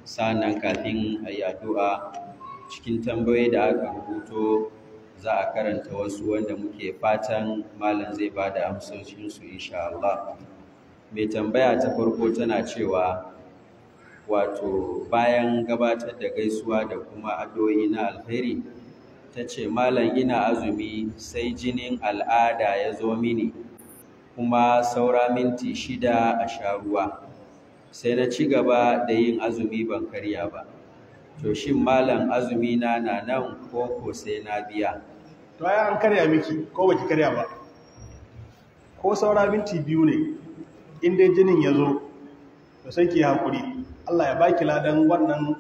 sannan kafin a yi addu'a cikin tambayoyi da aka rubuto za a karanta wasu wanda muke fatan malam zai ba da amsocinsu insha Allah. Mai tambaya ta farko tana cewa wato bayan gabatar da gaisuwa da kuma addu'o'i na alheri ta ce malam ina azumi sai jinin al'ada ya zo mini kuma saura minti shida a sha ruwa sai na ci gaba da yin azumi ban karya ba to shin malam azumi na nan ko ko sai na biya
to ai an karya miki ko baki karya ba ko saura minti biyu ne in dai jinin ya zo to sai ki hakuri Allah ya baki ladan wannan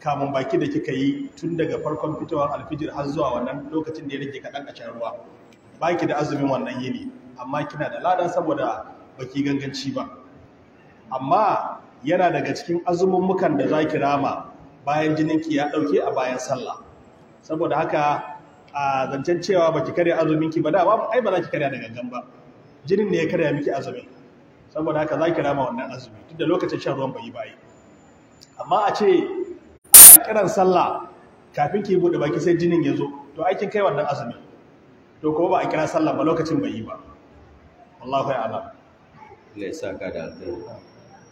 kamun baki da kika yi tun daga farkon fitowar alfijir har zuwa wannan lokacin da ya rage kaɗan a ruwa baki da azumin wannan yini amma kina da ladan saboda baki ganganci ba amma yana daga cikin azumin mukan da za ki rama bayan jininki ya ɗauke a bayan sallah saboda haka a zancen cewa baki karya azuminki ba da ba ai ba za ki karya da gangan ba jinin ne ya karya miki azumin saboda haka za ki rama wannan azumi duk da lokacin shan ruwan bai bayi amma a ce a kiran sallah kafin ki bude baki sai jinin ya zo to ai kin kai wannan azumi to kuma ba a kira sallah ba lokacin bayi ba wallahi a'lam
Allah ya saka da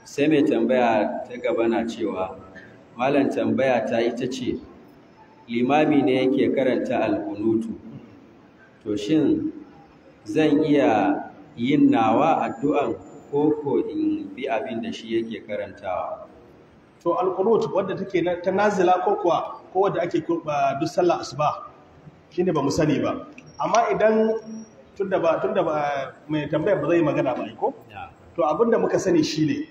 sai mai tambaya ta gaba na cewa malam tambaya ta ita ce limami ne yake karanta alkunutu to shin zan iya yin nawa addu'an
koko in bi abin da shi yake karantawa to alkunutu wadda take ta nazila ko kuwa ko wadda ake duk sallah asuba shine ba mu sani ba amma idan tunda ba tunda ba mai tambayar ba zai magana ba ko to abinda muka sani shine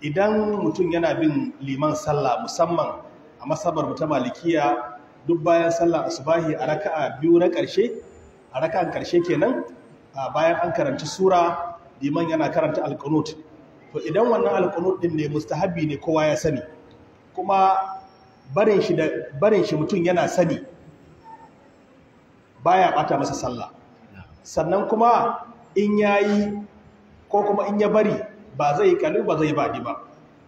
idan mutum yana bin liman sallah musamman a masabar mu ta malikiya duk bayan sallah asubahi a raka'a biyu na ƙarshe a raka'an karshe kenan a bayan an karanci sura liman yana karanta alkanut to idan wannan alqunut din ne mustahabi ne kowa ya sani kuma shi barin shi mutum yana sani baya bata masa sallah sannan kuma in yayi ko kuma in ya bari ba zai kalu ba zai baɗi ba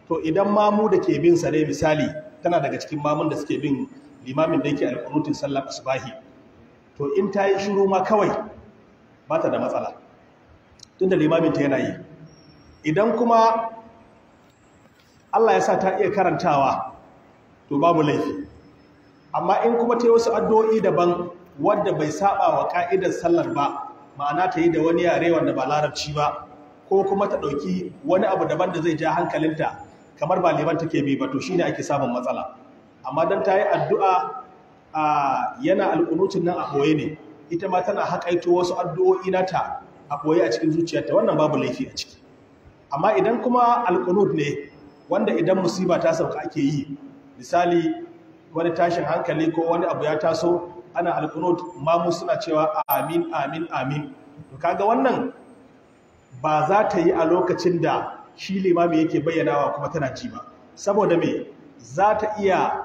to idan mamu da ke bin sa ne misali tana daga cikin mamun da suke bin limamin da yake alƙunutin sallar asubahi to in ta yi shiru ma kawai ba ta da matsala tun limamin ta yana yi idan kuma Allah ya sa ta iya karantawa to babu laifi amma in kuma ta yi wasu addu'o'i daban wadda bai saba wa ka'idar sallar ba ma'ana ta yi da wani yare wanda ba larabci ba ko kuma ta ɗauki wani abu daban da zai ja hankalinta kamar ba liman take bi ba to shi ne ake samun matsala amma don ta yi addu'a a yana alƙunucin nan a ɓoye ne ita ma tana haƙaito wasu addu'o'i nata a ɓoye a cikin zuciyarta wannan babu laifi a ciki amma idan kuma al’unut ne wanda idan musiba ta sauka ake yi misali wani tashin hankali ko wani abu ya taso ana al’unut mamu suna cewa amin amin amin to kaga wannan ba za ta yi a lokacin da shi limami yake bayyanawa kuma tana ji ba saboda mai za ta iya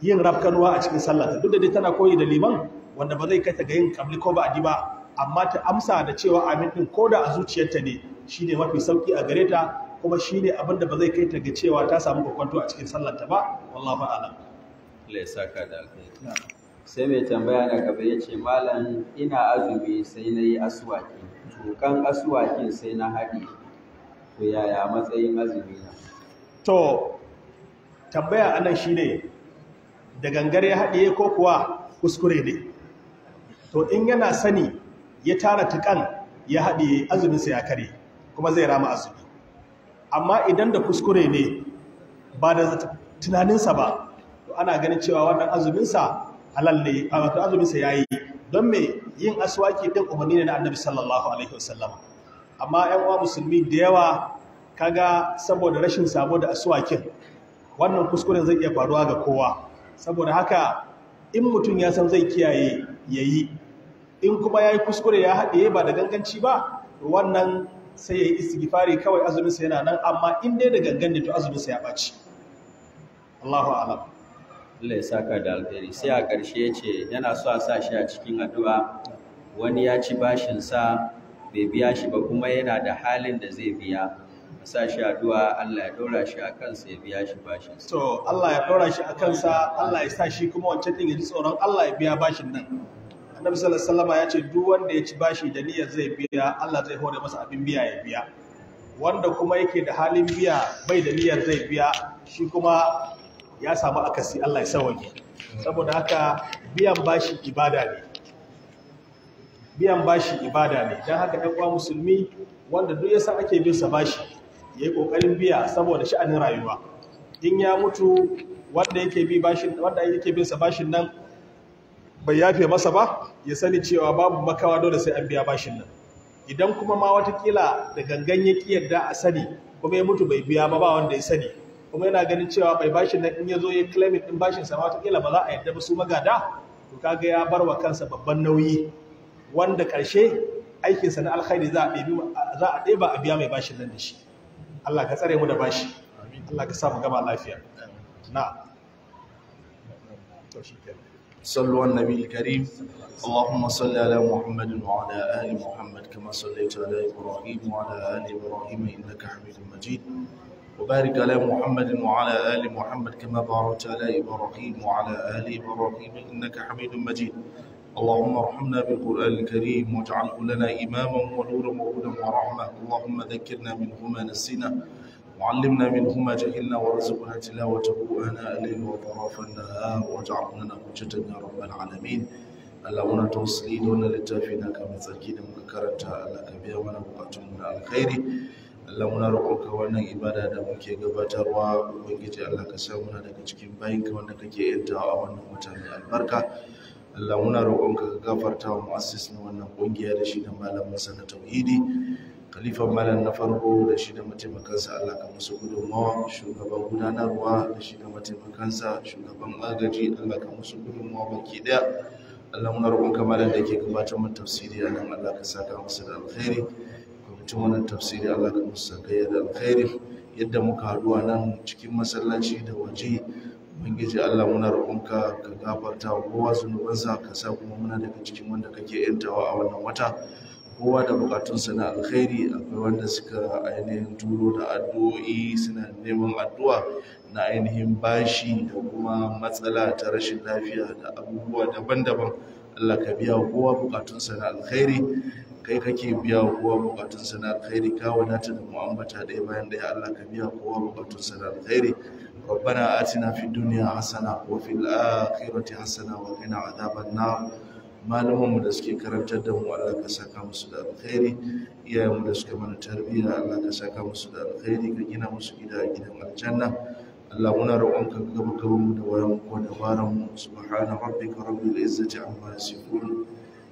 yin rafkanuwa a cikin sallata duk da dai tana koyi da liman wanda ba zai kai ta ga yin kamli ko ji ba amma ta amsa da cewa amin din da a zuciyarta ne shi ne mafi sauki a gare ta kuma shi ne abin da ba zai kai ta ga cewa ta samu kwakwanto a cikin sallata ba
wallahi a'lam lai saka da alkhairi sai mai tambaya na gaba ce malam ina azumi sai na yi aswaki tukan asuwakin sai na haɗi to yaya matsayin azumi na
to tambaya anan ne da gangar ya haɗiye ko kuwa kuskure ne to in yana sani ya tara tukan ya haɗiye azuminsa ya kare kuma zai rama azumi amma idan da kuskure ne ba da tunaninsa ba to ana ganin cewa wannan azuminsa halal ne wato azuminsa ya yi don me yin aswaki din umarni ne na annabi sallallahu alaihi wasallam amma ƴan uwa musulmi da yawa kaga saboda rashin sabo da aswakin wannan kuskuren zai iya faruwa ga kowa saboda haka in mutum ya san zai kiyaye yayi in kuma yayi kuskure ya haɗe ba da ganganci ba wannan sai yayi istighfari kawai azuminsa yana nan amma in dai da gangan ne to azumin ya ɓaci
Allahu a'lam Allah ya saka da alheri sai a ƙarshe ya ce yana so a sa shi a cikin addu'a wani ya ci bashin sa bai biya shi ba kuma yana da halin da zai biya a sa shi addu'a Allah ya ɗora shi a kansa ya biya shi
bashin sa to Allah ya ɗora shi a kansa Allah ya sa shi kuma wancan din ya ji tsoron Allah ya biya bashin nan Annabi sallallahu alaihi ya ce duk wanda ya ci bashi da niyyar zai biya Allah zai hore masa abin biya ya biya wanda kuma yake da halin biya bai da niyyar zai biya shi kuma ya samu akasi Allah ya sawaki saboda haka biyan bashi ibada ne biyan bashi ibada ne don haka ɗan uwan musulmi wanda duk yasa ake bin sa bashi yayi kokarin biya saboda sha'anin rayuwa in ya mutu wanda yake bi bashin wanda yake bin sa bashin nan bai yafe masa ba ya sani cewa babu makawa dole sai an biya bashin nan idan kuma ma wata watakila da gangan ya yadda a sani kuma ya mutu bai biya ba ba wanda ya sani kuma yana ganin cewa bai bashin nan in ya zo ya claiming din bashin sa wata kila ba za a yadda ba su magada to kaga ya bar wa kansa babban nauyi wanda ƙarshe aikinsa na alkhairi za a ɗebi za a ɗeba a biya mai bashin nan da shi Allah ka tsare mu da bashi Allah ka sa mu gama lafiya na to shi kenan صلوا على النبي الكريم اللهم
صل على محمد وعلى آل محمد كما صليت على إبراهيم وعلى آل إبراهيم إنك حميد مجيد وبارك على محمد وعلى آل محمد كما باركت على إبراهيم وعلى آل إبراهيم إنك حميد مجيد اللهم ارحمنا بالقرآن الكريم واجعله لنا إماما ونورا وهدى ورحمة اللهم ذكرنا منه ما نسينا وعلمنا منه ما جهلنا وارزقنا تلاوته آناء الليل وطرف النهار واجعله لنا حجة يا رب العالمين Allah muna tausiri da wannan littafi na kamar tsarki da muka karanta Allah ka biya mana bukatunmu na alkhairi Allah muna roƙonka wannan ibada da muke gabatarwa ubangiji Allah ka sa muna daga cikin bayinka wanda kake yantawa a wannan wata mai albarka Allah muna roƙonka ka gafarta wa mu'assis na wannan ƙungiya da shi da malamin sa na tauhidi khalifan malam na farko da shi da mataimakansa Allah ka musu gudunmawa shugaban gudanarwa da shi da mataimakansa shugaban agaji Allah ka musu gudunmawa baki daya Allah muna roƙonka malam da ke gabatar mu tafsiri a nan Allah ka saka musu da alkhairi albarkacin wannan tafsiri Allah ka musu gaya da alkhairi yadda muka haɗu a nan cikin masallaci da waje ubangiji Allah muna roƙonka ka gafarta wa kowa zunubansa ka sa kuma muna daga cikin wanda kake yantawa a wannan wata kowa da bukatunsa na alkhairi akwai wanda suka ainihin turo da addu'o'i suna neman addu'a na ainihin bashi da kuma matsala ta rashin lafiya da abubuwa daban-daban Allah ka biya kowa bukatunsa na alkhairi kai kake biya wa kowa bukatun na alkhairi ka wadata da mu'ambata ɗaya bayan ɗaya Allah ka biya kowa bukatunsa na alkhairi ربنا آتنا في الدنيا حسنة وفي Hassana, حسنة وقنا عذاب النار mu da suke karantar da mu Allah ka saka musu da alkhairi mu da suka mana tarbiyya Allah ka saka musu da alkhairi ka gina musu gida a gidan aljanna Allah muna roƙonka gaba gaban mu da wayan mu ko da baran mu subhana rabbika rabbil izzati amma yasifun